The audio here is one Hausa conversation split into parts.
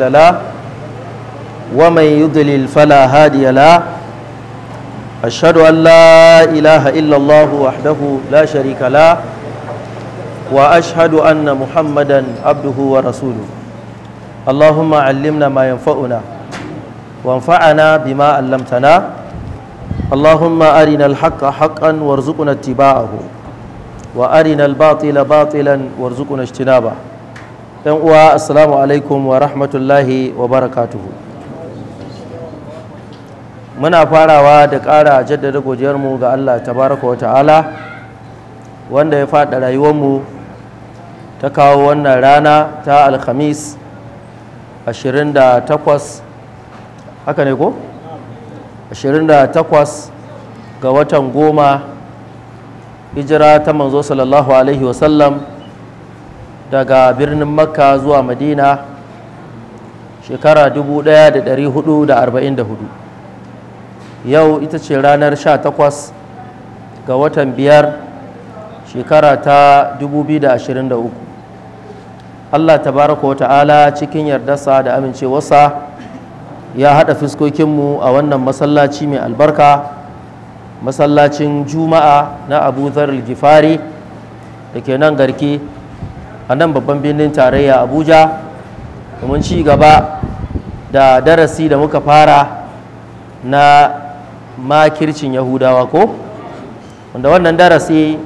لا ومن يضلل فلا هادي له أشهد أن لا إله إلا الله وحده لا شريك له وأشهد أن محمدا عبده ورسوله اللهم علمنا ما ينفعنا وانفعنا بما علمتنا اللهم أرنا الحق حقا وارزقنا اتباعه وأرنا الباطل باطلا وارزقنا اجتنابه yan uwa assalamu alaikum wa rahmatullahi wa barakatuhu muna farawa da ƙara jaddada mu ga allah tabaraka wa ta'ala wanda ya faɗa rayuwarmu ta kawo wannan rana ta alhamis 28 haka ne ko? 28 ga watan goma hijira ta manzo sallallahu alaihi wasallam daga birnin makka zuwa madina shekara 1444 yau ita ce ranar 18 ga watan biyar shekara ta 2023 allah baraka wa ta'ala cikin yardarsa da amincewarsa ya haɗa fuskokinmu a wannan masallaci mai albarka masallacin juma'a na abu zarar gifari da ke nan garki a nan babban birnin tarayya abuja domin ci gaba da darasi da muka fara na makircin yahudawa ko wanda wannan darasi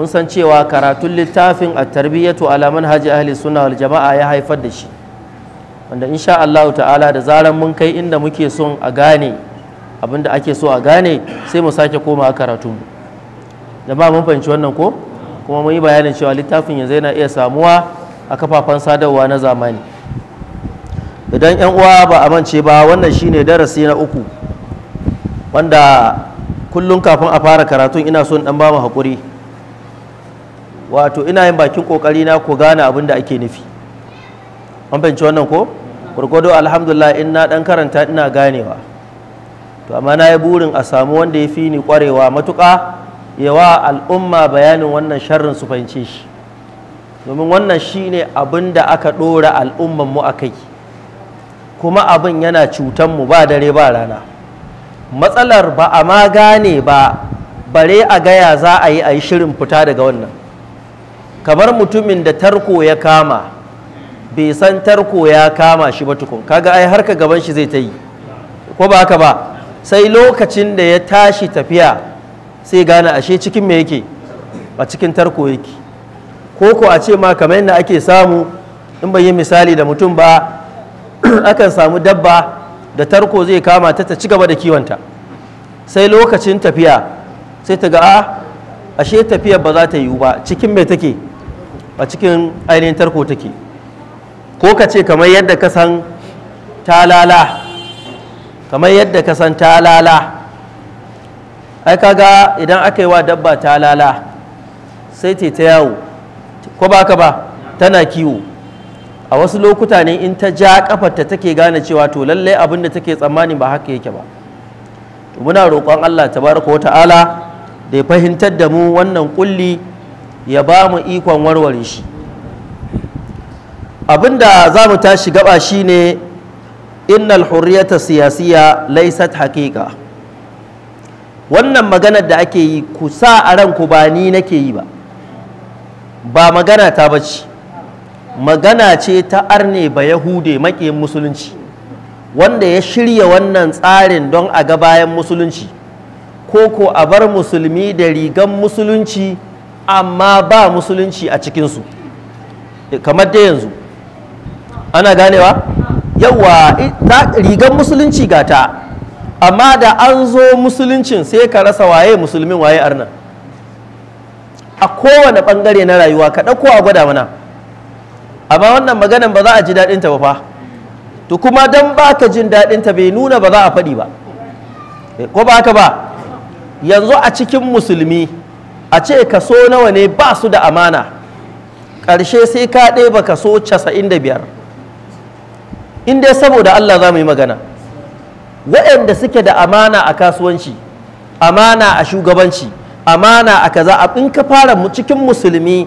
mun san cewa karatun littafin a tarbiyyatu alaman manhaji ahli suna wal jama'a ya haifar da shi wanda insha Allah ta'ala da zaran mun kai inda muke son a gane abinda ake so a gane sai mu sake koma karatun mu jama'a mun fahimci wannan ko kuma mun yi bayanin cewa littafin yanzu yana iya samuwa a kafafen sadarwa na zamani idan yan uwa ba a mance ba wannan shine darasi na uku wanda kullum kafin a fara karatu ina son dan ba mu hakuri wato ina yin bakin kokari na ku gane abin da ake nufi an fahimci wannan ko gurgudu alhamdulillah in na dan karanta ina ganewa to amma na yi burin a samu wanda ya fi ni kwarewa matuƙa yawa al'umma bayanin wannan sharrin su fahimce shi domin wannan shine abin da aka ɗora al'umman mu a kai kuma abin yana cutan mu ba dare ba rana matsalar ba a ma gane ba bare a gaya za a yi a yi shirin fita daga wannan kamar mutumin da tarko ya kama bai san tarko ya kama shi ba tukun kaga ai harka gaban shi zai ta yi ko ba haka ba sai lokacin da ya tashi tafiya sai gane ashe cikin me yake a cikin tarko yake ko ko a ce ma kamar yadda ake samu in bai yi misali da mutum ba akan samu dabba da tarko zai kama ta ta ci gaba da kiwonta sai lokacin tafiya sai ta ga a ah, ashe tafiyar ba za ta yiwu ba cikin mai take a cikin ainihin tarko take ko ka ce kamar yadda ka san talala kamar yadda ka san talala ai kaga idan aka yi wa dabba ta lala sai ta ta yawo ko ba ka ba tana kiwo a wasu lokuta ne in ta ja kafarta take gane cewa to lallai abin da take tsammani ba haka yake ba muna roƙon Allah tabaraka wata'ala da ya fahimtar da mu wannan kulli ya ba mu ikon warware shi abin da za mu tashi gaba shine innal hurriyata siyasiya laysat haqiqa wannan maganar da ake yi ku sa a ranku ba ni nake yi ba ba magana ta bace magana ce ta arne ba yahude maki musulunci wanda ya shirya wannan tsarin don a ga bayan musulunci ko ko a bar musulmi da rigan musulunci amma ba musulunci a cikinsu kamar da yanzu ana ganewa yawa rigan musulunci gata amma da an zo musuluncin sai ka rasa waye musulmin waye arna a kowane bangare na rayuwa ka ɗauko a gwada mana amma wannan maganan ba za a ji daɗinta ba fa to kuma don ba ka jin daɗinta bai nuna ba za a faɗi ba eh, ko ba haka ba yanzu a cikin musulmi a ce kaso nawa ne ba su da amana ƙarshe sai ka ba kaso casa'in da biyar in dai saboda allah za mu yi magana waɗanda suke da amana a kasuwanci amana a shugabanci amana a kaza in ka fara cikin musulmi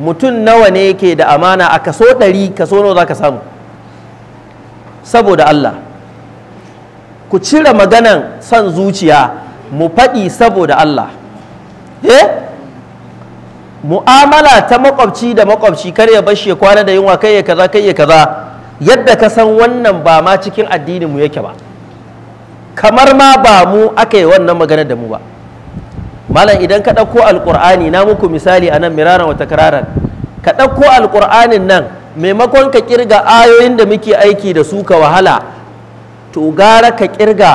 mutum nawa ne yake da amana a kaso ɗari kaso nawa za ka samu saboda Allah ku cire maganan son zuciya mu faɗi saboda Allah eh mu'amala ta makwabci da makwabci kar ya bashi ya kwana da yunwa kai ya kaza kai ya kaza yadda ka san wannan ba ma cikin addinin mu yake ba kamar ma ba mu aka yi wannan magana da mu ba malam idan ka ɗauko alƙur'ani na muku misali a nan miraran wata kararan ka ɗauko alƙur'anin nan maimakon ka ƙirga ayoyin da muke aiki da su ka wahala to gara ka ƙirga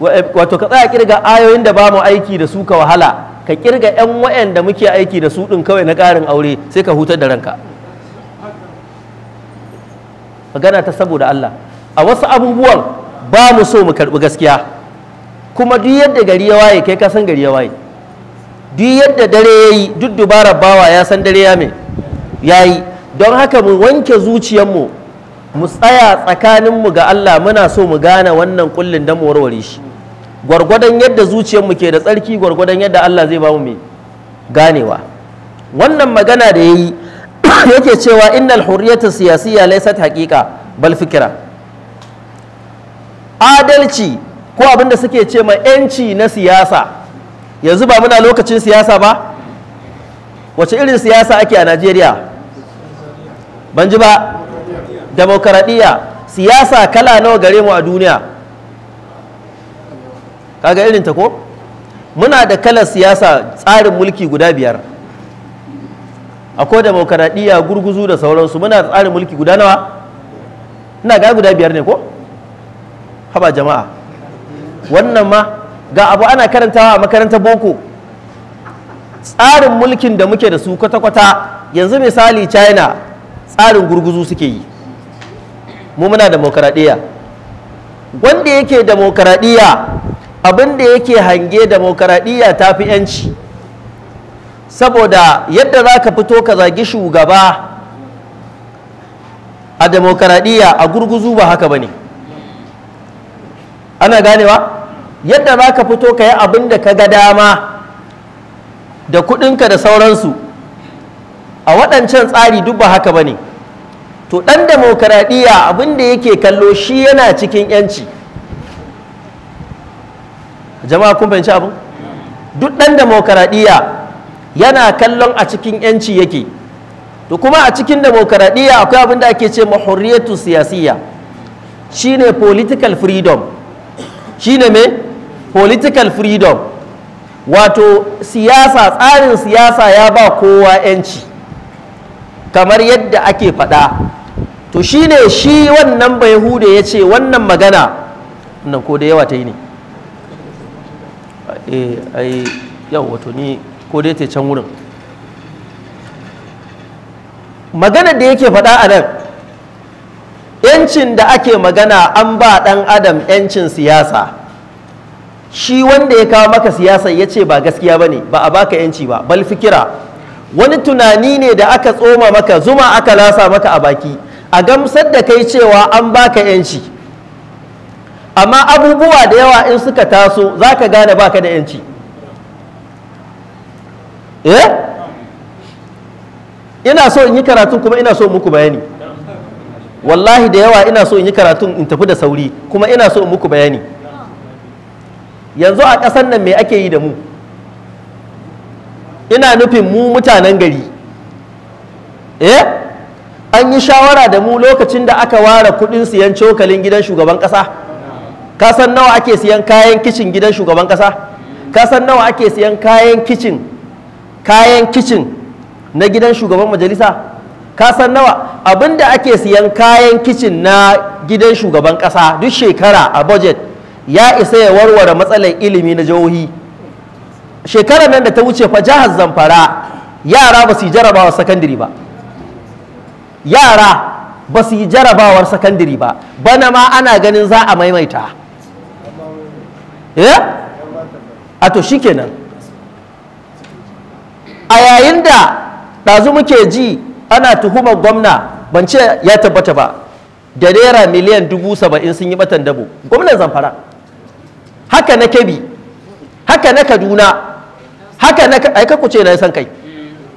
wato ka tsaya ƙirga ayoyin da ba mu aiki da su ka wahala ka ƙirga ƴan wa'yan da muke aiki da su ɗin kawai na ƙarin aure sai ka hutar da ranka magana ta saboda Allah a wasu abubuwan ba mu so mu karɓi gaskiya kuma duk yadda gari ya waye kai ka san gari ya waye duk yadda dare ya yi duk dubarar bawa ya san dare ya mai ya yi don haka mu wanke zuciyarmu mu tsaya tsakaninmu ga Allah muna so mu gane wannan kullin don mu warware shi gwargwadon yadda zuciyarmu ke da tsarki gwargwadon yadda Allah zai ba mu mai ganewa wannan magana da ya yi yake cewa innal hurriyata siyasiyya laysat haqiqa bal fikra adalci ko abin da suke ce mai 'yanci na siyasa yanzu ba muna lokacin siyasa ba wace irin siyasa ake a najeriya ban ji ba demokaradiyya siyasa kala nawa gare mu a duniya kaga irin ta ko muna da kalar siyasa tsarin mulki guda biyar akwai demokaradiyya gurguzu da sauransu muna da tsarin mulki guda nawa ina ga guda biyar ne ko haba jama'a wannan ma ga abu ana karantawa a makarantar boko tsarin mulkin da muke da su kwata-kwata yanzu misali china tsarin gurguzu suke yi mu muna demokaradiyya wanda yake demokaradiyya abinda yake hange demokaradiyya ta fi yanci saboda yadda za ka fito ka zagi shugaba a demokaradiyya a gurguzu ba haka ba ne ana ganewa yadda za ka fito ka yi abin da ka ga dama da kuɗinka da sauransu a waɗancan tsari duk ba haka ba ne to ɗan demokaradiyya abin da yake kallo shi yana cikin 'yanci jama'a kun fahimci abin duk ɗan demokaradiyya yana kallon a cikin 'yanci yake to kuma a cikin demokaradiyya akwai abin da ake ce mahuriyatu siyasiyya shine political freedom shine me political freedom wato siyasa tsarin siyasa ya ba kowa 'yanci kamar yadda ake faɗa to shine shi wannan bayahude ya ce wannan magana nan ko da yawa ta yi ne eh, yau wato ni ko ya ce can wurin magana da yake faɗa a nan yancin da ake magana an ba ɗan adam yancin siyasa shi wanda ya kawo maka siyasa ya ce ba gaskiya ba ne ba a baka yanci ba bal fikira wani tunani ne da aka tsoma maka zuma aka lasa maka a baki a gamsar da kai cewa an baka yanci amma abubuwa da yawa in suka taso za ka gane baka da yanci eh? ina so in yi karatu kuma ina so muku bayani wallahi da yawa ina so in yi karatun in tafi da sauri kuma ina so in muku bayani yanzu a ƙasar nan me ake yi da mu ina nufin mu mutanen gari eh an yi shawara da mu lokacin da aka ware kudin siyan cokalin gidan shugaban ƙasa kasan nawa ake siyan kayan kicin gidan shugaban ƙasa kasan nawa ake siyan kayan kicin kayan kicin na gidan shugaban majalisa kasan san nawa abinda ake siyan kayan kicin na gidan shugaban kasa duk shekara a budget ya isa ya warware matsalar ilimi na jihohi Shekara nan da ta wuce fa jihar zamfara yara ba su yi jarabawar sakandiri ba yara ba su yi jarabawar sakandiri ba bana ma ana ganin za a maimaita eh? a to shi shikenan a yayin da ɗazu muke ji ana tuhumar gwamna ban ce ya tabbata ba da naira miliyan dubu saba'in sun yi batan dabo gwamnan zamfara haka na kebi haka na kaduna haka na aika kuce na san kai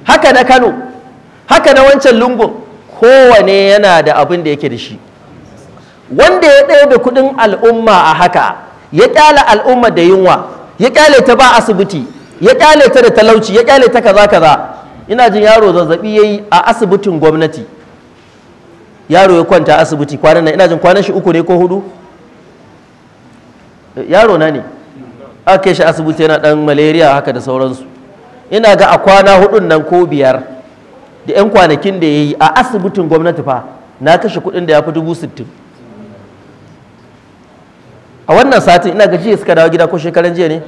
haka na kano haka na wancan lungun kowane yana da abin da yake da shi wanda ya ɗaya da kuɗin al'umma a haka ya ƙyale al'umma da yunwa ya ƙyale ta ba asibiti ya ƙyale ta da talauci ya ƙyale ta kaza kaza ina jin yaro zazzabi yayi a asibitin gwamnati yaro ya kwanta asibiti kwanan nan ina jin kwanan shi uku ne ko hudu eh, yaro na ne aka kai shi asibiti yana dan malaria haka da sauransu ina ga a kwana hudun nan ko biyar da yan kwanakin da ya yi a asibitin gwamnati fa na kashe kudin da ya fi dubu sittin a wannan satin ina ga jiya suka dawo gida ko shekaran jiya ne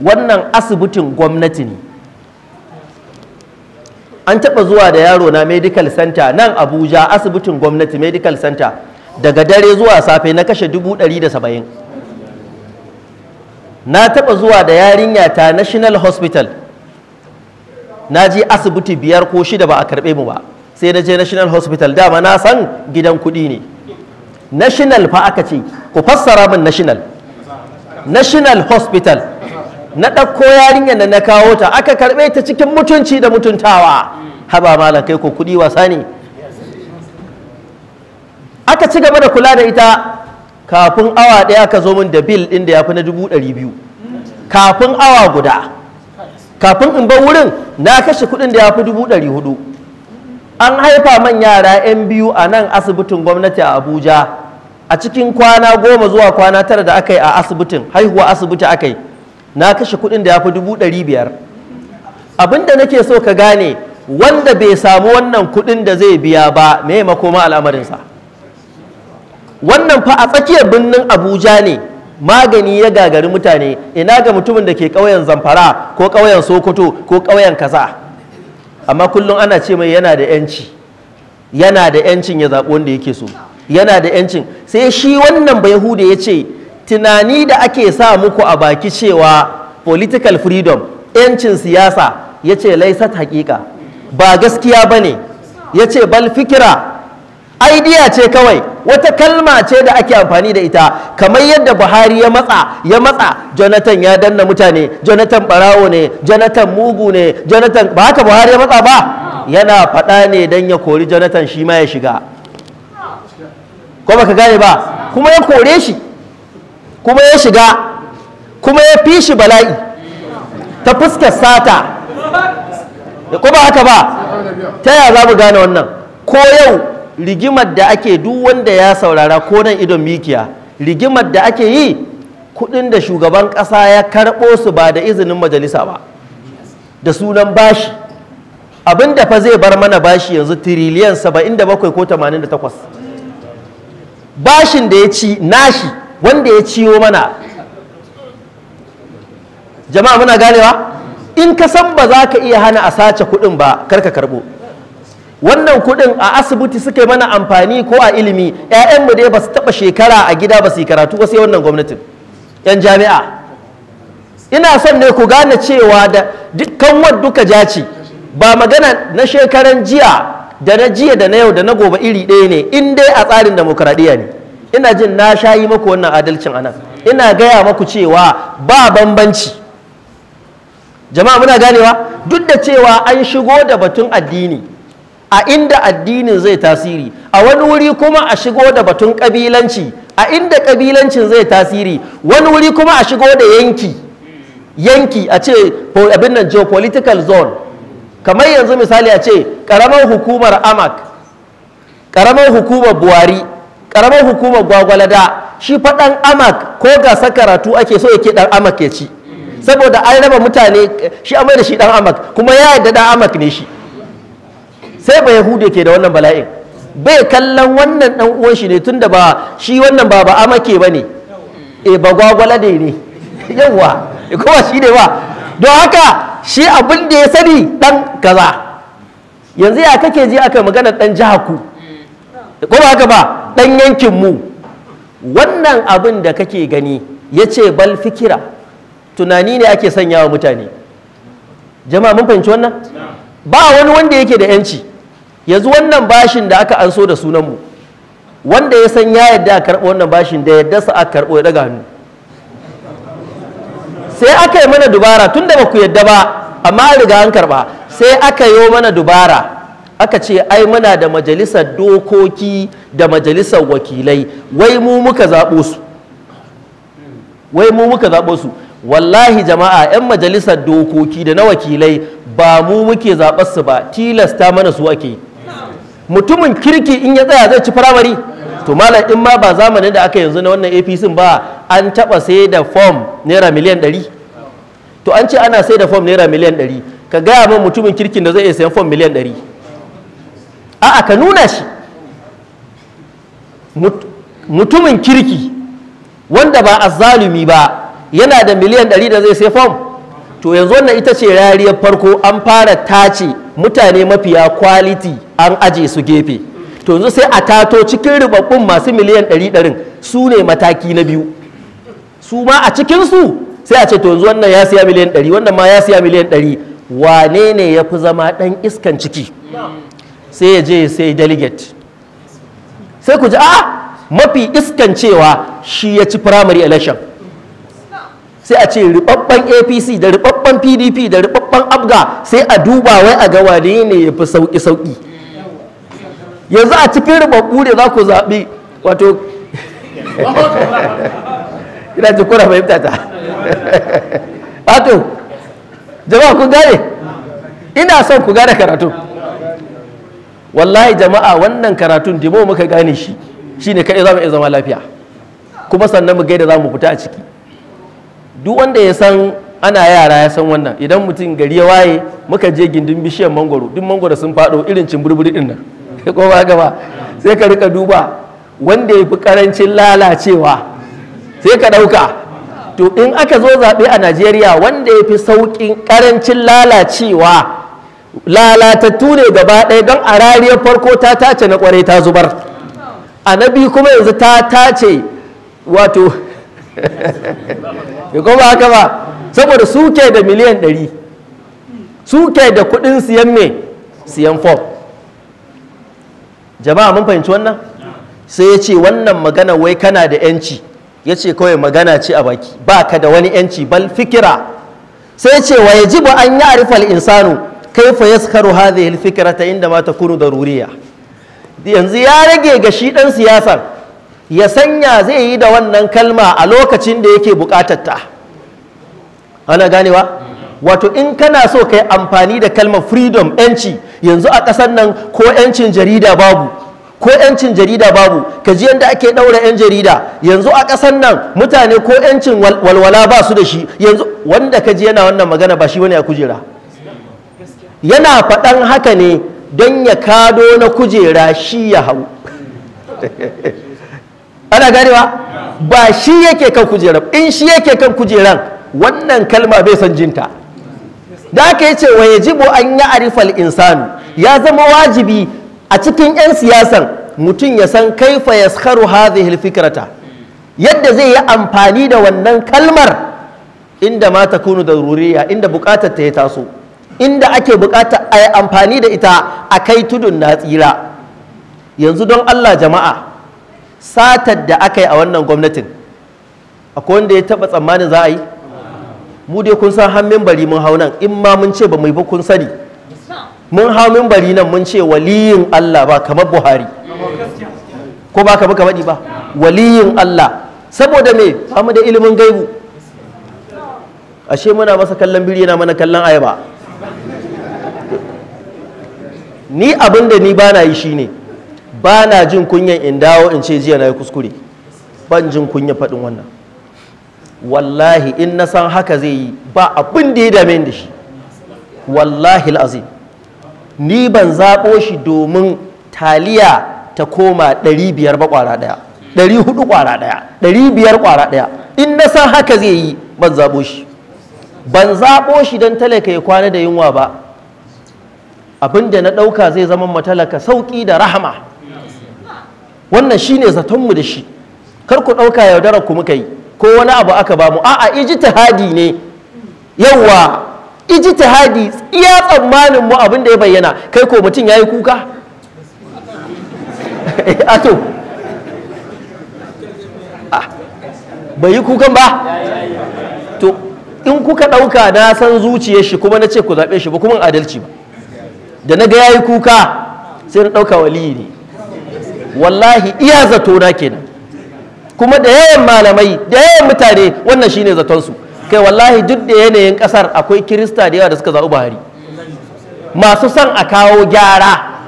wannan asibitin gwamnati ne an taɓa zuwa da yaro na medical center nan abuja asibitin gwamnati medical center daga dare zuwa safe na kashe dubu ɗari da saba'in na taɓa zuwa da yarinya ta national hospital na ji asibiti biyar ko shida ba a karɓe mu ba sai na je national hospital dama na san gidan kuɗi ne national fa aka ce ku fassara min national national hospital na ɗauko yarinyar da na kawo ta aka karɓe ta cikin mutunci da mutuntawa haba malam kai ko kuɗi wasa ne aka ci gaba da kula da ita kafin awa ɗaya ka zo min da bil ɗin da ya fi na dubu ɗari biyu kafin awa guda kafin in bar wurin na kashe kuɗin da ya fi dubu ɗari hudu an haifa man yara 'yan biyu a nan asibitin gwamnati a abuja a cikin kwana goma zuwa kwana tara da aka yi a asibitin haihuwa asibiti aka yi na kashe kuɗin da ya fi dubu ɗari biyar abinda nake so ka gane wanda bai samu wannan kuɗin da zai biya ba me makoma al'amarinsa wannan fa a tsakiyar birnin abuja ne magani ya gagari mutane ina ga mutumin da ke ƙauyen zamfara ko ƙauyen sokoto ko ƙauyen kaza amma kullum ana ce mai yana da 'yanci yana da 'yancin ya zaɓi wanda yake so yana da 'yancin sai shi wannan bai ya ce tunani da ake sa muku a baki cewa political freedom yancin siyasa ya ce laisat haƙiƙa ba gaskiya ba ne ya ce bal fikira idea ce kawai wata kalma ce da ake amfani da ita kamar yadda buhari ya matsa ya matsa jonathan ya danna mutane jonathan barawo ne jonathan mugu ne jonathan ba haka buhari ya matsa ba yana faɗa ne don ya kori jonathan shi ma ya shiga ko ka gane ba kuma ya kore shi kuma ya shiga kuma ya fi shi bala'i ta fuskar sata da kuma haka ba ta yaya za mu gane wannan ko yau rigimar da ake duk wanda ya saurara ko nan idon mikiya rigimar da ake yi kudin da shugaban kasa ya karɓo su ba da izinin majalisa ba da sunan bashi abin da fa zai bar mana bashi yanzu tiriliyan 77 ko 88 bashin da ya ci nashi wanda ya ciwo mana jama'a muna ganewa in ka san ba za ka iya hana a sace kuɗin ba kar ka karɓo wannan kuɗin a asibiti suka yi mana amfani ko a ilimi mu dai ba su taba shekara a gida ba su yi karatu sai wannan gwamnatin 'yan jami'a ina son ne ku gane cewa da dukkan duka jaci ba magana na shekaran jiya da na jiya da na yau da na gobe iri ɗaya ne in dai a tsarin demokuraɗiyya ne ina jin na sha yi maku wannan adalcin anan ina gaya maku cewa ba bambanci jama'a muna ganewa duk da cewa an shigo da batun addini a inda addinin zai tasiri a wani wuri kuma a shigo da batun kabilanci a inda kabilancin zai tasiri wani wuri kuma a shigo da yanki yanki a ce abin nan geopolitical zone kamar yanzu misali a ce karamar hukumar amak karamar hukumar buhari karamar hukumar gwagwalada shi faɗan amak ko gasa karatu ake so yake ɗan amak ya ci saboda an raba mutane shi amai da shi dan amak kuma ya yadda ɗan amak ne shi sai ba yahudu ke da wannan bala'in bai kallon wannan dan uwan shi ne da ba shi wannan ba ba amake ne e ba gwagwalade ne yawa eh, kuma shi ne ba don haka shi abin da ya sani dan kaza yanzu ya kake ji aka magana dan jihaku ko ba haka ba ɗan yankinmu wannan abin da kake gani ya ce bal fikira tunani ne ake sanya wa mutane jama'a mun fahimci wannan ba wani wanda yake da yanci yanzu wannan bashin da aka anso da sunanmu wanda ya san ya yadda a karɓo wannan bashin da yadda sa a karɓo ya daga hannu sai aka yi mana dubara tun da ku yadda ba amma riga an karɓa sai aka yi mana dubara aka ce ai muna da majalisar dokoki da majalisar wakilai wai mu muka zaɓo su wai mu muka zaɓo su wallahi jama'a 'yan majalisar dokoki da na wakilai ba mu muke zaɓar su ba tilasta mana su ake mutumin kirki in ya tsaya zai ci firamari to malam in ma ba zamanin da aka yanzu na wannan apc ba an taɓa sai da fom naira miliyan ɗari to an ce ana sai da fom naira miliyan ɗari ka gaya min mutumin kirkin da zai iya sayan fom miliyan ɗari a'a ka nuna shi mutumin kirki wanda ba a zalumi ba yana da miliyan ɗari da zai sai fom to yanzu wannan ita ce rariyar farko an fara tace mutane mafiya kwaliti an aje su gefe to yanzu sai a tato cikin ribabbun masu miliyan 100 su ne mataki na biyu su ma a cikinsu sai a ce to yanzu wannan ya siya miliyan ɗari wannan ma ya siya miliyan 100 wane ne ya fi zama ɗan iskan ciki sai ya je sai delegate sai ku ji a ah, mafi iskancewa shi ya ci primary election sai a ce ribabban apc da ribabban pdp da ribabban abga sai a duba wai a ga wane ne ya fi sauki sauki yanzu a cikin ribabbu ne za ku zaɓi wato ina ji kura fahimta ta wato jama'a ku gane ina son ku gane karatu wallahi jama'a wannan karatun dimo muka gane shi shine kaɗai za mu iya zama lafiya kuma sannan mu gaida za mu fita a ciki duk wanda ya san ana yara ya san wannan idan mutum gari ya waye muka je gindin bishiyar mangoro duk mangoro sun faɗo irin burburi din nan ko ba gaba sai ka rika duba wanda ya fi karancin lalacewa sai ka ɗauka to in aka zo zaɓe a najeriya wanda ya fi sauƙin karancin lalacewa lalatattu ne gaba ɗaya don a rariyar farko ta tace na kwarai ta zubar a na biyu kuma yanzu ta tace wato ya kuma haka ba saboda suke da miliyan ɗari suke da kuɗin siyan mai siyan fom jama'a mun fahimci wannan sai ya ce wannan magana wai kana da 'yanci ya ce kawai magana ce a baki ba ka da wani 'yanci bal fikira sai ce wa ba an yi arifal insanu kaifa yaskaru hadhihi alfikrata inda ma da Ruriya. yanzu ya rage ga shi ɗan siyasar ya sanya zai yi da wannan kalma a lokacin da yake bukatar ta ana ganewa wato in kana so ka yi amfani da kalma freedom yanci yanzu a ƙasar nan ko yancin jarida babu ko yancin jarida babu ka ji yadda ake ɗaura yan jarida yanzu a ƙasar nan mutane ko yancin walwala ba su da shi yanzu wanda ka ji yana wannan magana ba shi wani a kujera yana faɗan haka ne don ya kado na kujera shi ya hau ana ganewa ba shi yake kan kujera in shi yake kan kujeran wannan kalma bai san jinta da aka yi cewa ya jibo an yi arifal insanu ya zama wajibi a cikin 'yan siyasan mutum ya san kaifa ya skaru fikrata yadda zai yi amfani da wannan kalmar inda ma ta kunu da ruriya inda bukatar ta ya taso inda ake bukata a yi amfani da ita a kai tudun na tsira yanzu don allah jama'a satar da aka yi a wannan gwamnatin akwai wanda ya taba tsammanin za a yi mu dai kun san hannun bari mun hau nan in ma mun ce ba mu ba kun sani mun hau bari nan mun ce waliyin allah ba kamar buhari ko ba ka baka ba waliyin allah saboda me ba mu da ilimin gaibu ashe muna masa kallon biri yana mana kallon ayaba ni abin da ni ba na yi shi ne ba na jin kunyan in dawo in ce jiya na yi kuskure ban jin kunya faɗin wannan wallahi in na san haka zai yi ba abin da ya dame da shi wallahi azim ni ban zaɓo shi domin taliya ta koma 500 ba ƙwara ɗaya 400 kwara ɗaya 500 kwara ɗaya in na san haka zai yi ban zaɓo shi ban zaɓo shi don talaka ya kwana da yunwa ba Abin da na ɗauka zai zama matalaka sauƙi da rahama wannan shi ne zatonmu da shi karku ku ɗauka yaudarar ku muka yi ko wani abu aka bamu a'a hadi ne yawa hadi iya tsammanin mu abin da ya bayyana kai ko mutum yi kuka bai yi kukan ba to in kuka ɗauka na san zuciyar shi kuma na ce ku zaɓe shi ba kuma adalci ba da na ga yayi kuka sai na ɗauka waliyi ne wallahi iya zato na kenan kuma da yawan malamai da yawan mutane wannan shine zaton su kai wallahi duk da yanayin kasar akwai kirista da yawa da suka zaɓi Buhari masu son a kawo gyara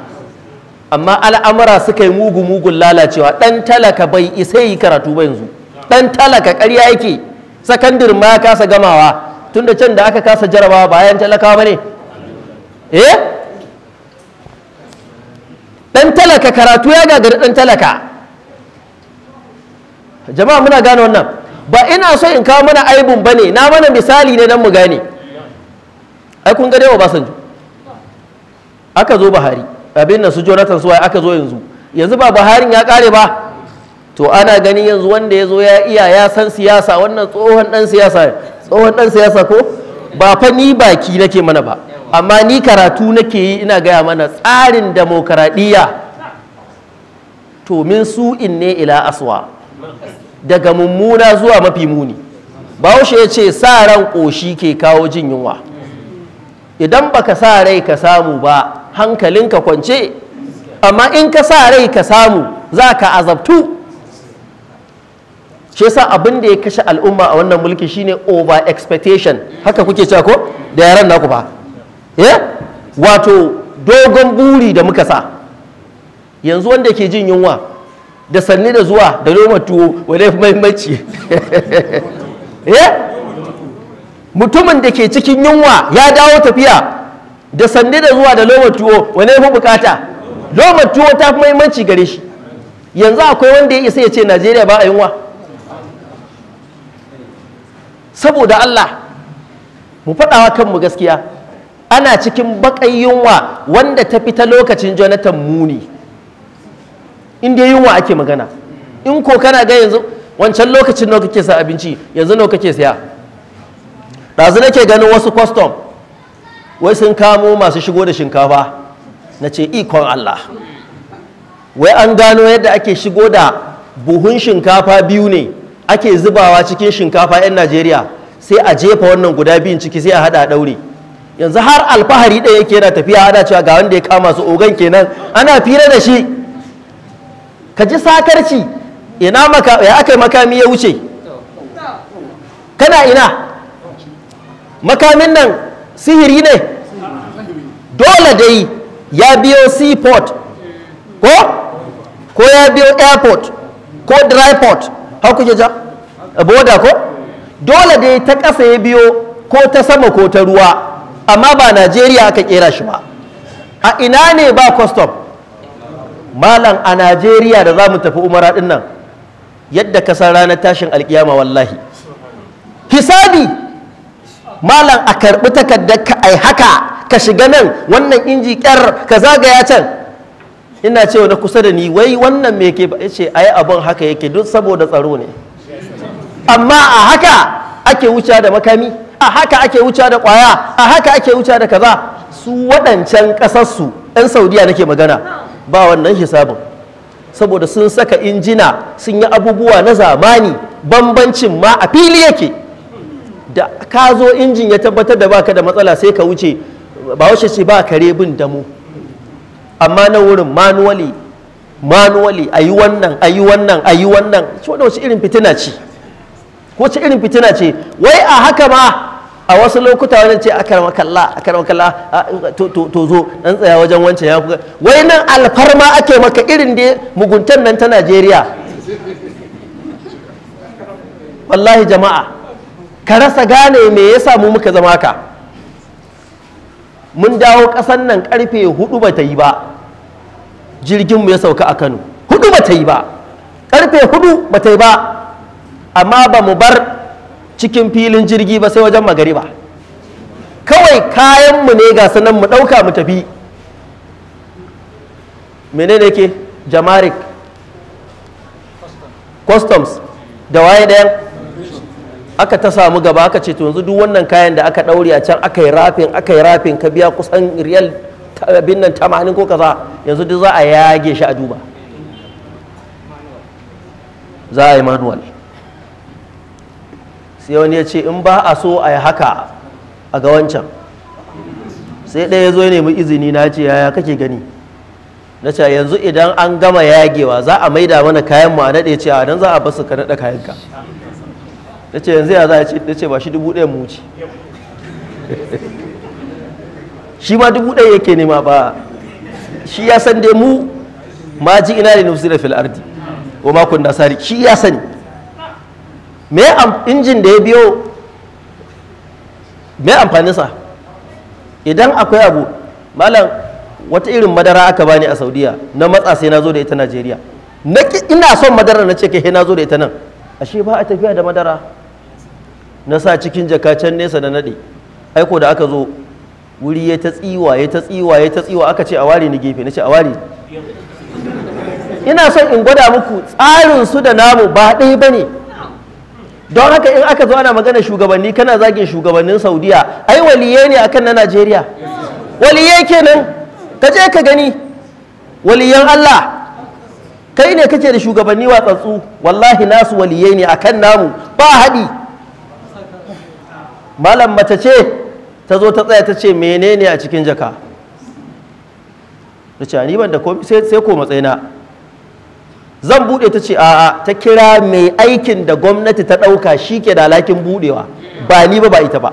amma al'amura suka yi mugu mugun lalacewa ɗan talaka bai isa yi karatu ba yanzu ɗan talaka ƙarya yake sakandir ma ya kasa gamawa tunda can da aka kasa jarabawa bayan talakawa ba ne eh dan talaka karatu ya gagari ɗan talaka jama'a muna gane wannan ba ina so in kawo mana aibun ba ne na mana misali ne dan mu gane ai kun gane wa basanjo aka zo buhari abin nan su jonathan suwaye aka zo yanzu yanzu ba buharin ya kare ba to ana gani yanzu wanda ya zo ya iya ya san siyasa wannan tsohon dan siyasa tsohon dan siyasa ko ba fa ni baki nake mana ba amma ni karatu nake yi ina gaya mana tsarin demokaradiyya to min su'in ne ila aswa daga mummuna zuwa mafi muni bahaushe ya ce sa ran ƙoshi ke kawo jin yunwa idan baka sa rai ka samu ba hankalin ka kwance amma in ka sa rai ka samu za ka azabtu shi yasa abin da ya kashe al'umma a wannan mulki shine over expectation haka kuke cewa ko da yaran naku ba Eh? wato dogon buri da muka sa yanzu wanda ke jin yunwa da sanni da zuwa da noma tuwo wadai mahimmanci eh? mutumin da ke cikin yunwa ya dawo tafiya da sanni da zuwa da noma tuwo ya fi bukata noma tuwo ta fi mahimmanci gare shi yanzu akwai wanda ya isa ya ce najeriya ba a yunwa saboda allah mu faɗawa kanmu gaskiya ana cikin baƙai yunwa wanda ta fita lokacin jonathan muni inda yunwa ake magana in ko kana ga yanzu wancan lokacin nawa kake sa abinci yanzu nawa kake saya ɗazu nake ganin wasu kwastom wai sun kamo masu shigo da shinkafa na ce ikon allah wai an gano yadda ake shigo da buhun shinkafa biyu ne ake zubawa cikin shinkafa 'yan najeriya sai a jefa wannan guda biyun ciki sai a haɗa a ɗaure yanzu har alfahari ɗaya yake yana tafiya ana cewa ga wanda ya kama su ogan kenan ana fira da shi ka ji sakarci ina maka ya aka makami ya wuce kana ina makamin nan sihiri ne dole dai ya biyo seaport ko ko ya biyo airport ko dryport Haku kuke ja boda ko dole dai ta ƙasa ya biyo ko ta sama ko ta ruwa amma ba najeriya aka kera shi ba a ina ne ba custom malam a najeriya da za mu tafi umara din nan yadda ka san ranar tashin alkiyama wallahi hisabi malam a karɓi takardar ka ai haka ka shiga nan wannan inji ƙyar ka zagaya can ina cewa na kusa da ni wai wannan me ke ce ai abin haka yake duk saboda tsaro ne amma a haka ake wuce da makami a haka ake wuce da kwaya a haka ake wuce da kaza su waɗancan ƙasarsu 'yan saudiya nake magana ba wannan hisabin saboda sun saka injina sun yi abubuwa na zamani bambancin ma a fili yake da ka zo injin ya tabbatar da baka da matsala sai ka wuce ba wace ce ba kare bin damu amma na wurin manuwali manuwali yi wannan a yi wannan a yi wannan wace irin fitina ce wace irin fitina ce wai a haka ma a wasu lokuta wani ce akarma kalla akarma kalla to zo dan tsaya wajen wancan ya kuka wai nan alfarma ake maka irin da muguntan nan ta Najeriya wallahi jama'a ka rasa gane me yasa mu muka zama ka mun dawo kasan nan karfe hudu ba ta yi ba jirgin mu ya sauka a Kano hudu ba ta yi ba karfe hudu ba ta yi ba amma ba mu bar cikin filin jirgi ba sai wajen magari ba kawai kayanmu ne ga sanan mu ɗauka mu tafi menene ke jamaric customs da waye ɗayan aka ta samu gaba aka ce to yanzu duk wannan kayan da aka ɗaure a can aka yi rafin aka yi rafin ka biya kusan riyal abin nan tamanin ko kaza yanzu duk za a yage shi a duba za a yi manual sai wani ya ce in ba a so a yi haka a ga wancan sai ɗaya zo ya nemi izini na ce yaya kake gani na ce yanzu idan an gama yagewa za a maida mana kayan a naɗe ce a dan za a basu ka naɗa kayanka na ce yanzu ya za a ce na ce ba shi dubu ɗaya mu wuce shi ma dubu ɗaya yake nema ba shi ya san dai mu ma ji ina da nufsi da filardi ardi wa makon nasari shi ya sani me injin da ya biyo me amfaninsa idan akwai abu malam wata irin madara aka bani a saudiya na matsa sai na zo da ita najeriya ina son madara na ce kai na zo da ita nan ashe ba a tafiya da madara na sa cikin jaka can nesa da nade. aiko da aka zo wuri ya ta tsiwa ya ta tsiwa ya ta tsiwa aka ce a wari ni gefe na ce a wari? ina son in gwada muku tsarin su da namu ba ɗaya ba ne don haka in aka zo ana magana shugabanni kana zagin shugabannin saudiya ai waliye ne akan na najeriya waliye kenan ka je ka gani waliyan allah kai ne kake da shugabanni watsatsu wallahi nasu waliye ne akan namu ba haɗi malam mace ce ta zo ta tsaya ta ce menene a cikin jaka ta ce ni ban da sai ko matsayina zan buɗe ta ce a'a ta kira mai aikin da gwamnati ta ɗauka shi ke da alakin buɗewa ba ni ba ba ita ba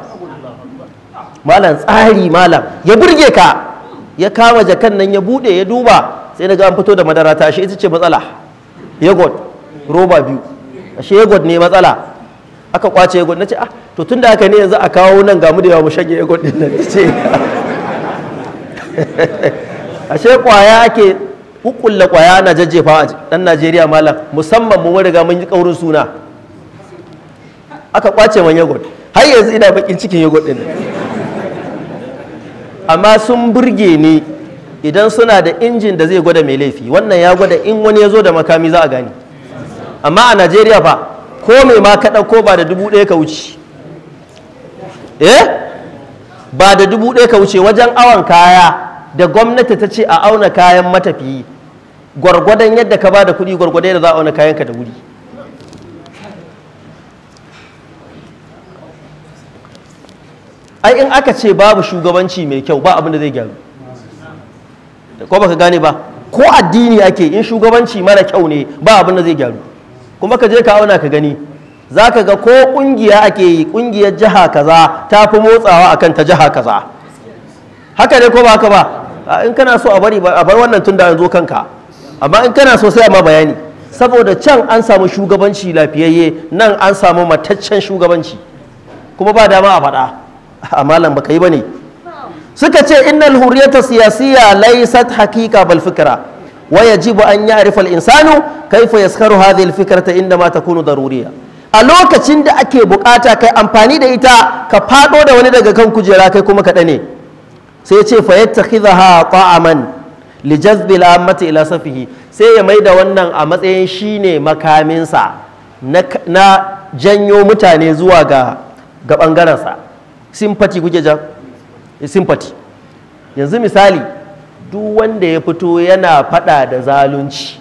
malam tsari malam ya burge ka ya kama jakan nan ya buɗe ya duba sai na ga an fito da madara ta shi ita ce matsala Yagod roba biyu ashe yagod ne matsala aka kwace yagod na ce ah to tun da haka ne yanzu a kawo nan ga mu da yawa mu shage yagod din nan ce ashe kwaya ake hukulla kwaya na jajjefa a dan najeriya malam musamman mun riga mun yi kaurin suna aka kwace man yogurt har yanzu ina bakin cikin yogurt din amma sun burge ni idan suna da injin da zai gwada mai laifi wannan ya gwada in wani ya zo da makami za a gani amma a najeriya fa ko mai ma ka ko ba da dubu ɗaya ka wuce eh ba da dubu ɗaya ka wuce wajen awon kaya da gwamnati ta ce a auna kayan matafiyi gwargwadon yadda ka ba da kuɗi gwargwadon yadda za a auna kayanka da wuri ai in aka ce babu shugabanci mai kyau ba abin da zai gyaru ko baka gane ba ko addini ake in shugabanci mara kyau ne ba abin da zai gyaru kuma ka je ka auna ka gani za ka ga ko kungiya ake yi kungiyar jiha kaza ta fi motsawa akan ta jiha kaza haka ne ko ba haka ba in kana so a bar wannan tun da an zo kanka amma in kana so sai ma bayani saboda can an samu shugabanci lafiyayye nan an samu mataccen shugabanci kuma ba dama a faɗa a malam baka yi ba ne suka ce innal hurriyata siyasiya laysat haqiqa bal fikra wa yajibu an ya'rifa al insanu kai yaskaru hadhihi al fikrata inda ma takunu daruriya a lokacin da ake bukata kai amfani da ita ka fado da wani daga kan kujera kai kuma ka dane sai ce fa haka ta'aman li jazbi al ila safihi sai ya mai da wannan a matsayin shine makaminsa na janyo mutane zuwa ga ga bangaren kuke jan eh, sympathy yanzu misali duk wanda ya fito yana fada da zalunci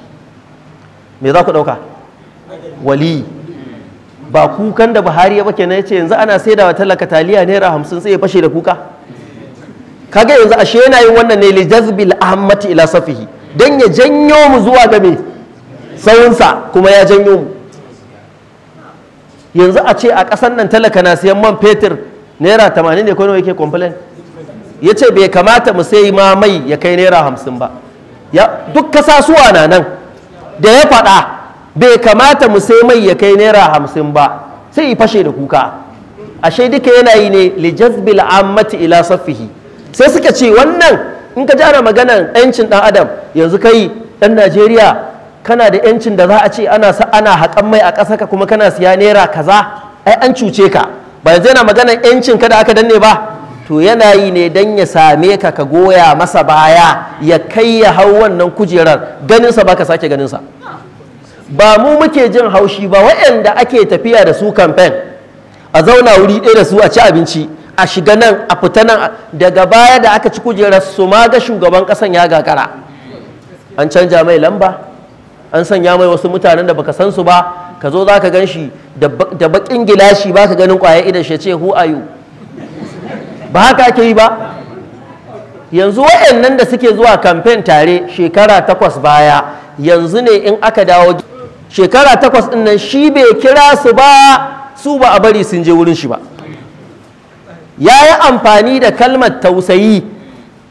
me za ku dauka wali ba kukan da Buhari ya bake na yace yanzu ana wa talaka taliya naira hamsin sai ya fashe da kuka kaga yanzu ashe yana yin wannan ne li jazbil ahammati ila safihi dan ya janyo mu zuwa ga me sa kuma ya janyo mu yanzu a ce a ƙasar nan talaka na siyan man fetur naira tamanin ne ko nawa yake complain ya ce bai kamata mu sai ma mai ya kai naira hamsin ba duk kasasuwa na nan da ya faɗa bai kamata mu sai mai ya kai naira hamsin ba sai yi fashe da kuka ashe duka yana yi ne li jazbil ahammati ila safihi sai suka ce wannan in ka jara maganan 'yancin ɗan adam yanzu ka yi ɗan najeriya kana da 'yancin da za a ce ana ana haƙan mai a ƙasa ka kuma kana siya naira kaza ai an cuce ka ba yanzu yana maganan 'yancin ka da aka danne ba to yana yi ne don ya same ka ka goya masa baya ya kai ya hau wannan kujerar ganinsa ba ka sake ganinsa ba mu muke jin haushi ba waɗanda ake tafiya da su kamfen a zauna wuri ɗaya da su a ci abinci a shiga nan a fita nan daga baya da aka ci kujerar su ma ga shugaban kasan ya gagara an canja mai lamba an sanya mai wasu mutanen da baka san su ba ka zo za ka gan shi da bakin gilashi ba ka ganin kwaya idan shi ce huayu ba haka ake yi ba yanzu wayannan da suke zuwa kamfen tare shekara takwas baya yanzu ne in aka dawo shekara takwas ɗin nan shi bai kira su ba su ba a bari sun je wurin shi ba ya yi amfani da kalmar tausayi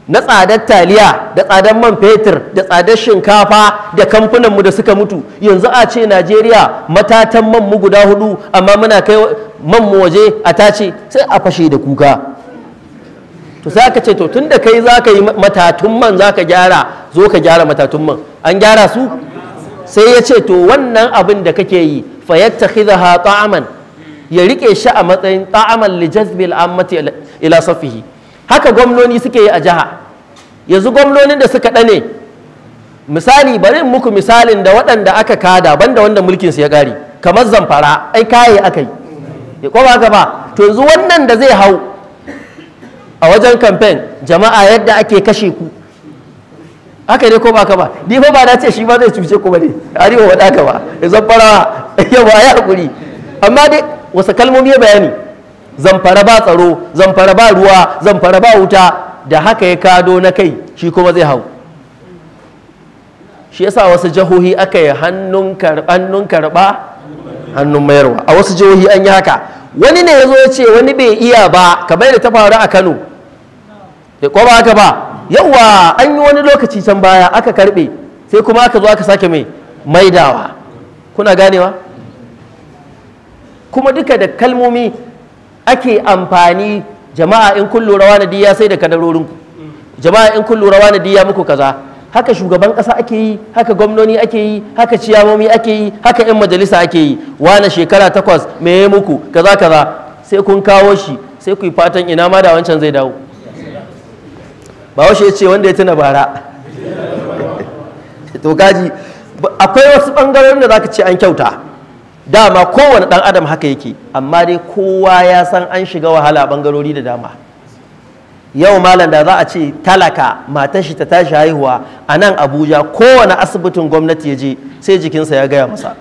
na tsadar taliya da tsadar man fetur da tsadar shinkafa da kamfunanmu da suka mutu yanzu a ce najeriya matatan man mu guda hudu amma muna kai man mu waje a tace sai a fashe da kuka to sai aka ce to tun da kai za ka yi matatun man za ka gyara zo ka gyara matatun man an gyara su sai ya ce to wannan abin da kake yi khidha ta'aman ya rike shi a matsayin ta'amal li jazbil ammati ila safihi haka gwamnoni suke yi a jiha yanzu gwamnonin da suka dane misali bari muku misalin da waɗanda aka kada banda wanda mulkin su ya gari kamar zamfara ai kaye aka yi ya koma gaba to yanzu wannan da zai hau a wajen kamfen jama'a yadda ake kashe ku haka ne ko ba ka ba ni fa ba na ce shi ba zai cuce ku bane arewa wada ka ba zamfara yawa ya hakuri amma dai wasu kalmomi bayani zamfara ba tsaro zamfara ba ruwa zamfara ba wuta da haka ya kado na kai shi kuma zai hau shi yasa wasu jihohi aka yi hannun karɓa hannun mayarwa a wasu jihohi an yi haka wani ne ya zo ce wani bai iya ba kamar da ta faru a kano eh, ko ba haka ba yawa an yi wani lokaci can baya aka karɓe sai kuma aka zo aka sake mai maidawa kuna ganewa kuma duka da kalmomi ake amfani jama'a in kun lura wani diya sai da ku. jama'a in kun lura wani diya muku kaza haka shugaban ƙasa ake yi haka gwamnoni ake yi haka ciyamomi ake yi haka 'yan majalisa ake yi wani shekara takwas me muku kaza kaza sai kun kawo shi sai ku yi fatan ina ma da wancan zai dawo ba washe ya ce wanda ya tuna bara to kaji akwai wasu bangarorin da zaka ce an kyauta dama kowane ɗan adam haka yake amma dai kowa ya san an shiga wahala bangarori da dama yau malam da za a ce talaka matar shi ta tashi haihuwa a nan abuja kowane asibitin gwamnati ya je sai jikinsa ya gaya masa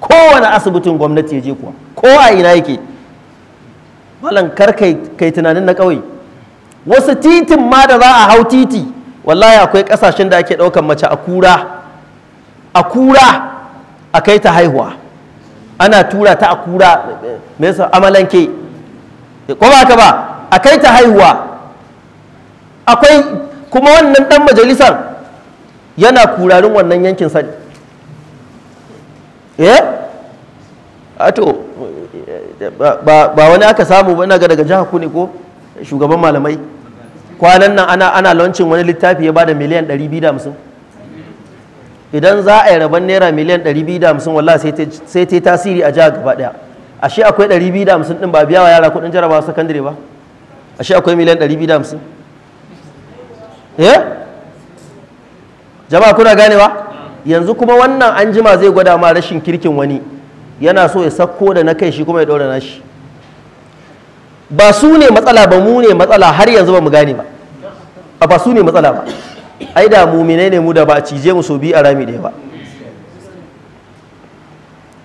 kowane asibitin gwamnati ya je kuwa ko a ina yake malam kar kai tunanin na ƙauye wasu titin ma da za a hau titi wallahi akwai ƙasashen da ake ɗaukan mace a kura a kura a kai ta haihuwa ana tura ta a kura mai yasa amalanke ko ba ka ba a kai ta haihuwa akwai kuma wannan dan majalisar yana kurarin wannan yankin sani eh ato ba wani aka samu ba ina ga daga jihar ne ko shugaban malamai kwanan nan ana launcin wani littafi ya bada miliyan 250 idan za a yi rabon naira miliyan 250 wallah sai ta tasiri a jihar gaba daya ashe akwai 250 din ba biya wa yara kudin jarabawa sakandare ba ashe akwai miliyan 250 eh jama'a kuna ganewa yanzu kuma wannan an jima zai gwada ma rashin kirkin wani yana so ya sakko da na kai shi kuma ya na nashi ba su ne matsala ba mu ne matsala har yanzu ba mu gane ba ba su ne matsala ba ai da muminai ne mu da ba a cije mu so biyu a rami ɗaya ba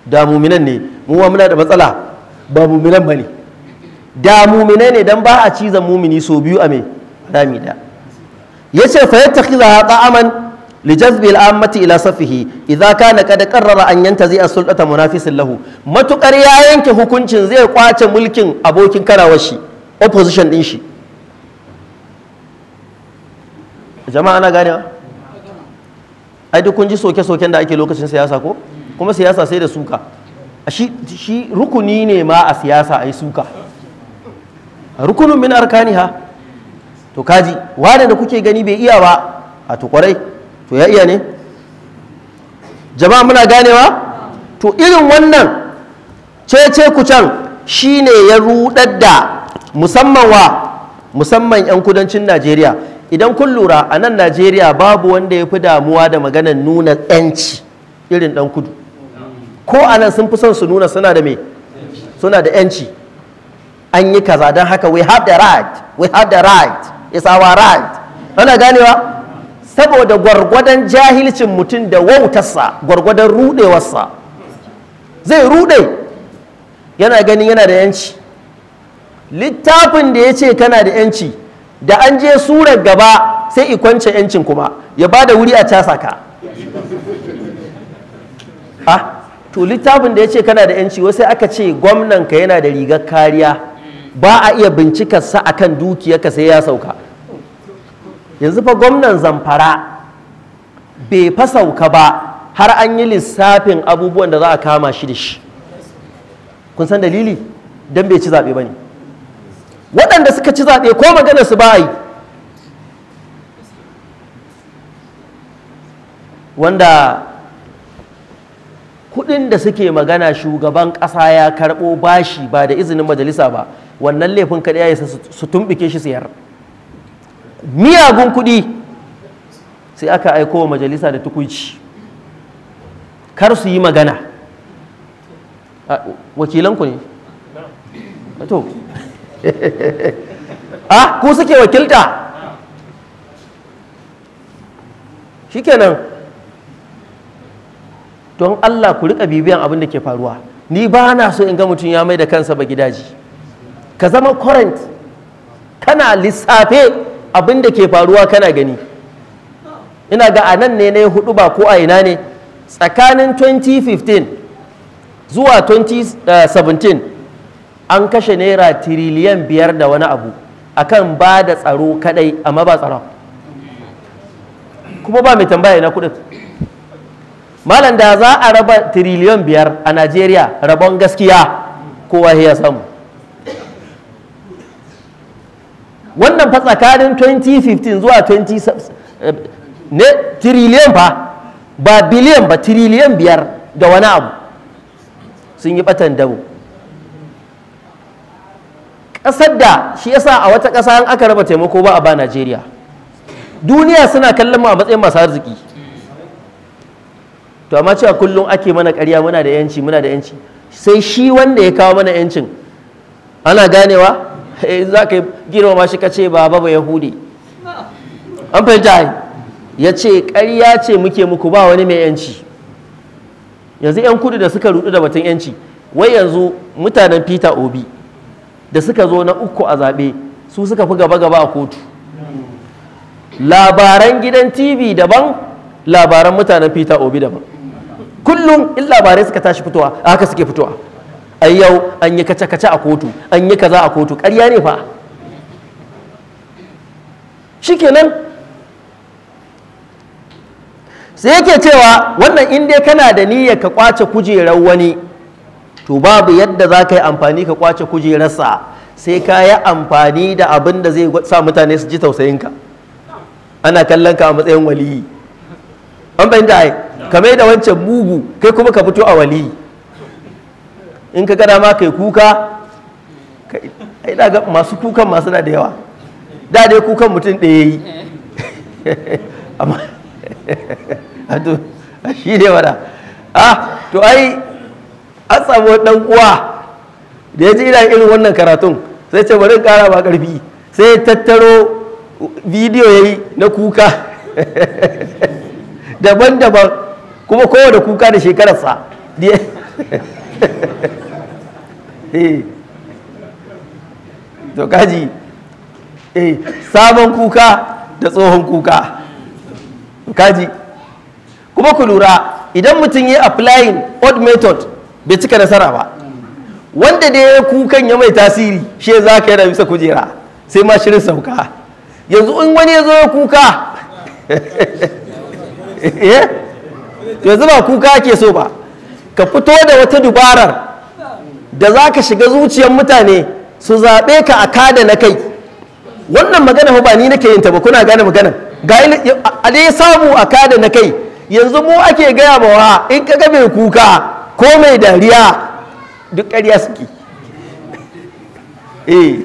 da muminan ne mu wa muna da matsala ba muminan ba ne da muminai ne dan ba a cizan mumini so biyu a mai rami ɗaya ya ce fa yadda kiza haƙa aman lijazbi al'ammati ila safihi idza kana kada qarrara an yantazi as-sultata munafisin lahu matukar ya yanke hukuncin zai kwace mulkin abokin karawar shi opposition din shi jama'a na gane ai duk kun ji soke-soken da ake lokacin siyasa ko kuma siyasa sai da suka shi rukuni ne ma a siyasa ai suka rukunin min arkani ha to kaji wane da kuke gani bai iya ba a to kwarai to ya iya ne jama'a muna ganewa to irin wannan cece kucan shine ya rudar da musamman wa musamman 'yan kudancin najeriya idan kun lura a nan najeriya babu wanda ya fi damuwa da maganar nuna 'yanci irin dan kudu ko a nan sun fi son su nuna suna da me suna da 'yanci an yi kaza don haka we have the right we have the right it's our right ana ganewa saboda gwargwadon jahilcin mutum da wautarsa gwargwadon rudewarsa zai rude yana ganin yana da yanci littafin da ya ce kana da yanci da an je surar gaba sai ikwance yancin kuma ya ba da wuri a casa ka ah to littafin da ya ce kana da yanci wasu aka ce gwamnan ka yana da rigar kariya ba a iya bincikar sa kan dukiyarka sai ya sauka yanzu fa gwamnan zamfara bai fa sauka ba har an yi lissafin abubuwan da za a kama shi da shi kun san dalili don bai ci zaɓe ba ne waɗanda suka ci zaɓe ko magana su ba yi wanda kuɗin da suke magana shugaban ƙasa ya karɓo bashi ba da izinin majalisa ba wannan laifin kaɗai ya su tumɓike shi siyar miyagun kuɗi sai aka aiko wa majalisa da tukuci kar su yi magana wakilanku ne to a ah, ku suke wakilta shi shikenan don Allah ku rika bibiyan abin da ke faruwa ni ba na so in ga mutum ya mai da kansa ba gidaji ka zama current kana lissafe abin da ke faruwa kana gani ina ga a nan ne na hudu ba ko a ina ne tsakanin 2015 zuwa 2017 an kashe naira tiriliyan biyar da wani abu akan ba da tsaro kadai amma ba tsaron kuma ba mai tambaya na kudin malam da za a raba tiriliyan biyar a najeriya rabon gaskiya kowa ya samu wannan fa tsakanin 2015 zuwa 20 eh, ne tiriliyan fa ba biliyan ba tiriliyan biyar da wani abu sun yi batan dabo ƙasar da shi yasa a wata ƙasa an aka raba taimako ba a ba Najeriya duniya suna kallon mu a matsayin masu arziki to amma cewa kullum ake mana ƙarya muna da yanci muna da yanci sai shi wanda ya kawo mana yancin ana ganewa eh, za ka ma shi ka ce ba ba yahudi an fahimta ya ce ƙarya ce muke muku ba wani mai yanci yanzu 'yan kudu da suka rudu da batun yanci wai yanzu mutanen peter obi da suka zo na uku a zaɓe su suka fi gaba-gaba a kotu labaran gidan tv daban labaran mutanen peter obi daban kullum in labarai suka tashi fitowa haka suke fitowa a yau an yi kace-kace a kotu an yi kaza a kotu Karya ne fa shikenan sai yake cewa wannan in kana da niyyar ka kwace kujerar wani to babu yadda za ka yi amfani ka kwace kujerarsa sai ka yi amfani da abin da zai sa mutane su ji tausayinka ana kallon ka a matsayin waliyi an da ai kamar da wancan mugu kai kuma ka fito a waliyi in ka gada ma kai kuka ai da masu kukan masu na da yawa da dai kukan mutum ya yi amma shi ne wada ah to ai a samu dan uwa da ya ji ina irin wannan karatun sai ce bari kara ba karfi sai tattaro bidiyo ya yi na kuka daban-daban kuma kowane kuka da shekararsa eh. to kaji eh sabon kuka da tsohon kuka kaji kuma ku lura idan mutum ya applying old method bai cika nasara ba wanda da ya kukan ya mai tasiri shi za ka yana bisa kujera sai ma shirin sauka yanzu in wani ya zo ya kuka eh, yanzu ba kuka ke so ba ka fito da wata dubarar da za ka shiga zuciyar mutane su zaɓe ka a kada na kai wannan magana ba ni nake yin ta ba kuna gane magana ga a dai samu a kada na kai yanzu mu ake gaya wa, in ka gabe kuka ko mai dariya duk ƙarya suke eh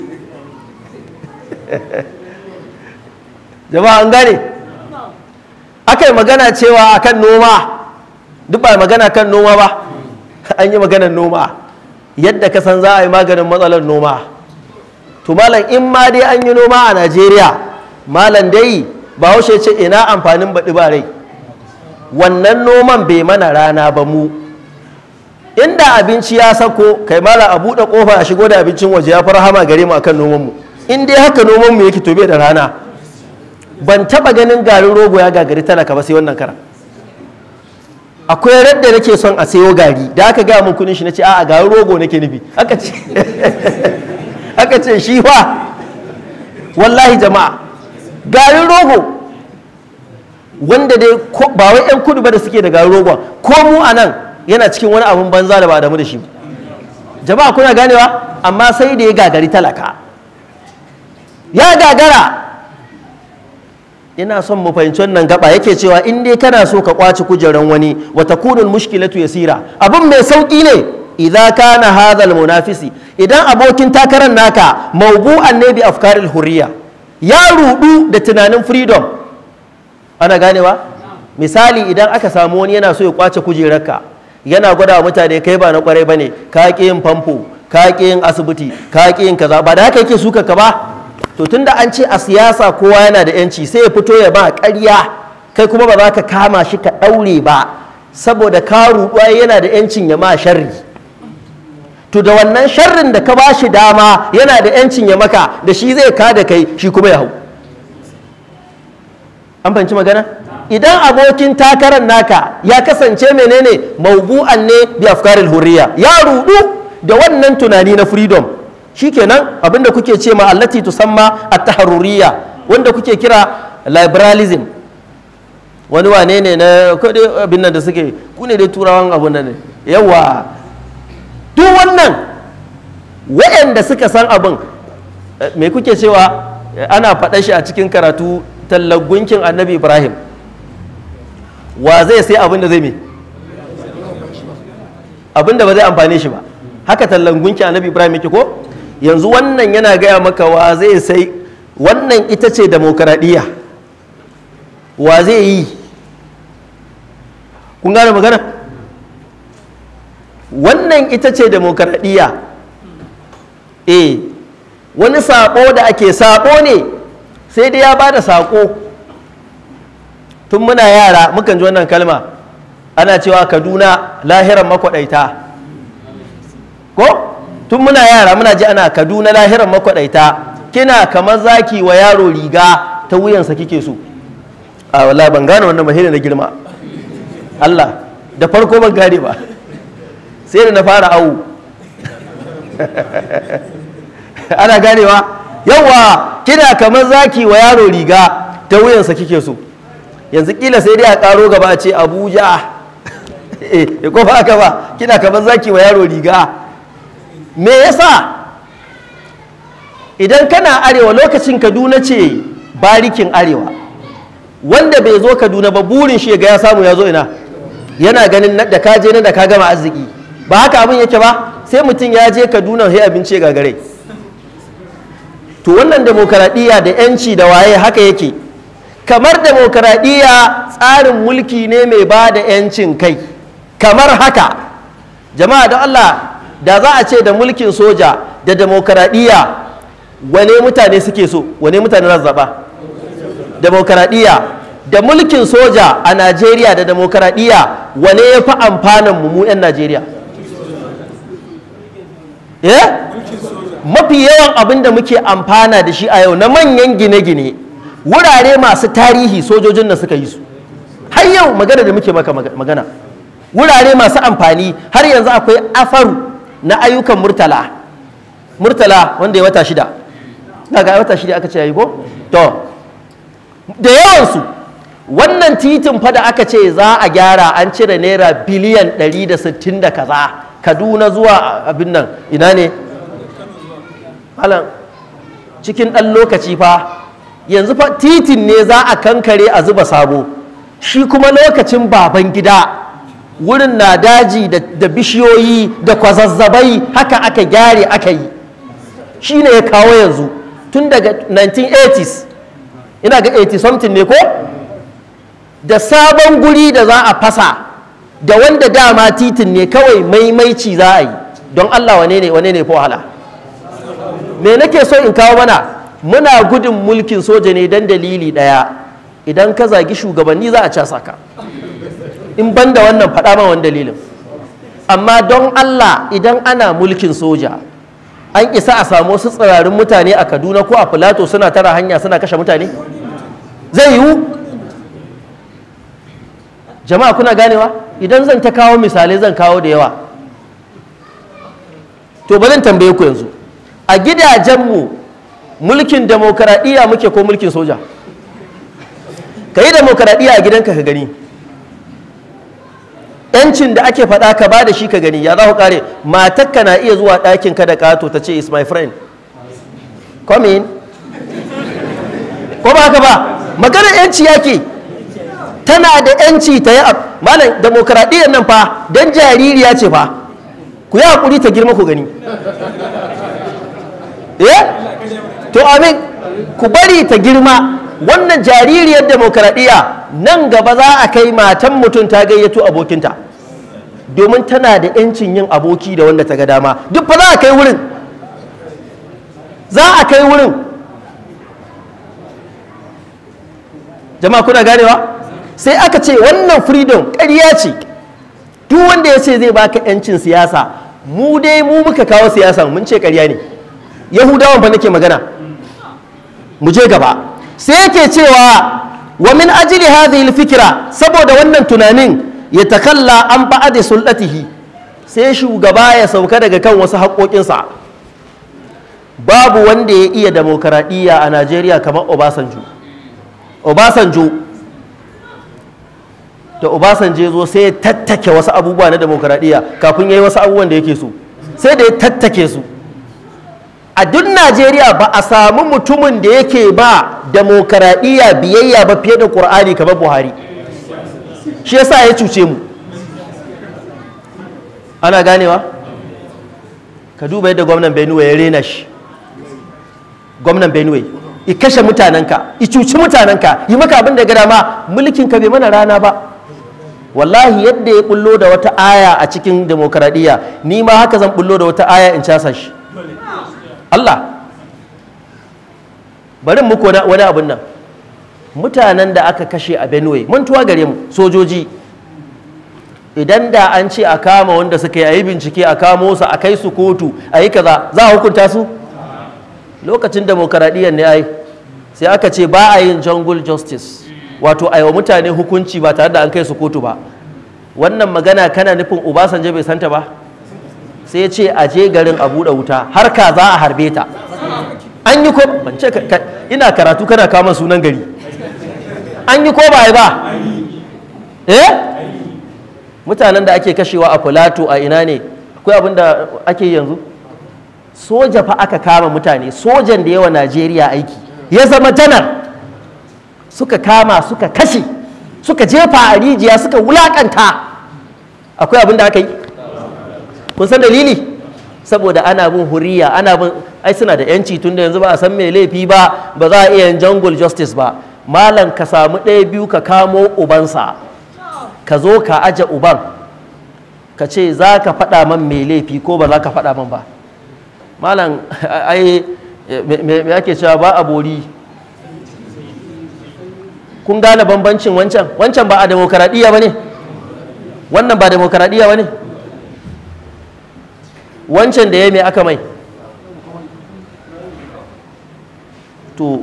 jama'a an gane aka yi magana cewa akan noma duk ba magana kan noma ba an yi maganar noma yadda ka san za a yi maganin matsalar noma to malam in ma dai an yi noma a najeriya malam dai ba bahaushe ce ina amfanin baɗi ba rai wannan noman bai mana rana ba mu inda abinci ya sako kai mala a buɗe ƙofa a shigo da abincin waje ya fara hama gare mu akan noman mu in dai haka nomanmu mu yake tobe da rana ban taba ganin garin rogo ya gagari talaka ba sai wannan kara akwai da nake son a sayo gari da aka ga mun kudin shi nace a'a garin rogo nake nufi aka ce aka ce shi fa wallahi jama'a garin rogo wanda dai ba wai yan kudu ba da suke da garin rogo ko mu anan yana cikin wani abun banza da ba damu da shi jama'a kuna ganewa amma sai da ya gagari talaka ya gagara ina son mu fahimci wannan gaba yake cewa in dai kana so ka kwaci kujeran wani wa takunul mushkilatu yasira Abin mai sauki ne idza na hadhal munafisi idan abokin takarar naka mawbu'an ne bi afkaril hurriya ya rudu da tunanin freedom ana ganewa misali idan aka samu wani yana so ya kwace kujerarka yana gwada mutane kai ba na kwarai bane ka ƙi yin famfo ka yin asibiti ka ƙi yin kaza ba da haka yake suka ka ba to tunda an ce a siyasa kowa yana da yanci sai ya fito ya ba ƙarya kai kuma ba za ka kama shi ka ɗaure ba saboda ka ruɗuwa yana da yancin ya ma sharri to da wannan sharrin da ka ba shi dama yana da yancin ya maka da shi zai ka da kai shi kuma ya hau an fahimci magana idan abokin takarar naka ya kasance menene maubu'an ne bi afkaril hurriya ya rudu da wannan tunani na freedom shikenan abinda kuke ce ma allati tusamma at tahrurriya wanda kuke kira liberalism wani wane ne na kodi abin nan da suke ku ne dai turawan abun nan ne yawa duk wannan wa'anda suka san abin eh, me kuke cewa ana faɗa shi a cikin karatu tallagunkin gunkin annabi ibrahim wa zai sai abin da zai mai abin da ba zai amfani shi ba haka tallan gunki annabi ibrahim yake ko yanzu wannan yana gaya maka wa zai sai wannan ita ce demokaradiyya wa zai yi kun gane magana wannan ita ce demokaradiyya eh wani sako da ake sako ne sai dai ya ba da sako tun muna yara mukan ji wannan kalma ana cewa kaduna lahiran makwadaita ko tun muna yara muna ji ana kaduna lahiran makwadaita kina kamar zaki wa yaro riga ta wuyansa kike so a wallahi ban gane wannan mahirin na girma Allah da farko ban gane ba sai da na fara awu ana ganewa Yawwa, kina kamar zaki wa yaro riga ta wuyansa kike so yanzu kila sai dai a karo gaba a ce abuja e ko ba ka ba kina kamar zaki wa yaro riga me yasa idan kana arewa lokacin kaduna ce barikin arewa wanda bai zo kaduna ba burin shi ga ya samu ya zo ina yana ganin da ka je da ka gama arziki ba haka abin yake ba sai mutum ya je kaduna sai abinci ga gare to wannan demokaradiyya da yanci da waye haka yake kamar demokaradiyya tsarin mulki ne mai ba da 'yancin kai kamar haka jama'a da Allah da za a ce da mulkin soja da demokaradiyya wane mutane suke so wane mutane za zaɓa demokaradiyya da mulkin soja a najeriya da demokaradiyya wane ya fi amfanin mu 'yan najeriya eh? mafi yawan abin da muke amfana da shi a yau na manyan gine-gine wurare masu tarihi sojojin nan suka yi su har yau magana da muke maka magana wurare masu amfani har yanzu akwai afaru na ayyukan murtala murtala wanda ya wata shida daga wata shida aka ce yayi ko to da yawansu wannan titin fa da aka ce za a gyara an cire naira biliyan 160 da kaza kaduna zuwa abin nan ina ne cikin dan lokaci fa yanzu fa titin ne za a kankare a zuba sabo shi kuma lokacin baban gida wurin na daji da bishiyoyi da kwazazzabai haka aka gyare aka yi shi ne ya kawo yanzu tun daga 1980s ina ga 80 something ne ko da sabon guri da za a fasa da wanda dama titin ne kawai maimaici za a yi don allah wane ne wane ne wahala me nake so in kawo mana muna gudun mulkin soja ne don dalili ɗaya idan ka zagi shugabanni za a casa ka in ban da wannan faɗa ma wani dalilin amma don allah idan ana mulkin soja an isa a samu wasu tsirarin mutane a kaduna ko a filato suna tara hanya suna kashe mutane zai yiwu jama'a kuna ganewa idan zan ta kawo misalai zan kawo da yawa to ba zan tambaye ku yanzu a gidajenmu mulkin demokaradiyya muke ko mulkin soja ka yi demokaradiyya a gidanka ka gani yancin da ake faɗa ka ba da shi ka gani ya za ku kare matakka na iya zuwa ɗakin ka da ƙato ta ce is my friend come in ko ba ka ba maganar yanci yake tana da yanci ta yi malam demokaradiyyar nan fa don jaririya ce fa ku yi haƙuri ta girma ku gani eh to amin ku bari ta girma wannan jaririyar demokaradiyya nan gaba za a kai matan mutum ta gayyato abokinta domin tana da 'yancin yin aboki da wanda ta ga dama duk fa za a kai wurin za a kai wurin jama'a kuna ganewa sai aka ce wannan freedom ƙarya ce duk wanda ya ce zai baka 'yancin siyasa mu dai mu muka kawo siyasa mun ce ƙarya ne yahudawan fa nake magana mu je gaba sai yake cewa wa min ajli hadhihi fikira saboda wannan tunanin ya takalla an ba'ade sulatihi sai shugaba ya sauka daga kan wasu haƙoƙinsa babu wanda ya iya demokaradiyya a Najeriya kamar Obasanjo Obasanjo da Obasanjo ya zo sai ya tattake wasu abubuwa na demokaradiyya kafin yayi yi wasu abubuwan da yake so sai da ya tattake su a duk najeriya ba a samu mutumin da yake ba demokaradiyya biyayya ba fiye da ƙur'ani kamar buhari shi yasa ya cuce mu ana ganewa ka duba yadda gwamnan benue ya rena shi gwamnan benue i kashe mutanenka i cuci mutanenka yi maka abin da gada ma mulkin ka bai mana rana ba wallahi yadda ya bullo da wata aya a cikin demokaradiyya ni ma haka zan bullo da wata aya in casa shi Allah bari muku wani abin nan mutanen da aka kashe a Benue mantuwa gare mu sojoji idan da an ce a kama wanda suka yi bincike a kamo su a kai su kotu a yi kaza za a hukunta su lokacin demokaradiyyar ne ai sai aka ce ba a yin jungle justice wato a mutane hukunci ba tare da an kai su kotu ba wannan magana kana nufin obasanjo bai santa ba sai ya ce a je garin a buɗe wuta har ka za a harbe ta an yi ko ban ina karatu kana kama sunan gari an yi ko ba ba eh mutanen da ake kashewa a filato a ina ne akwai abin da ake yanzu soja fa aka kama mutane sojan da yawa najeriya aiki ya zama janar suka kama suka kashe suka jefa a rijiya suka wulakanta akwai abin da aka yi kun san dalili saboda ana bin huriya ana bin ai suna da yanci tunda yanzu ba a san mai laifi ba ba za a iya jungle justice ba malam ka samu ɗaya biyu ka kamo ubansa ka zo ka aje uban ka ce za ka faɗa man mai laifi ko ba za ka faɗa man ba malam ai me ake cewa ba a bori kun gane bambancin wancan wancan ba a demokaradiyya ba ne wannan ba demokaradiyya ba ne wancan da ya mai aka mai to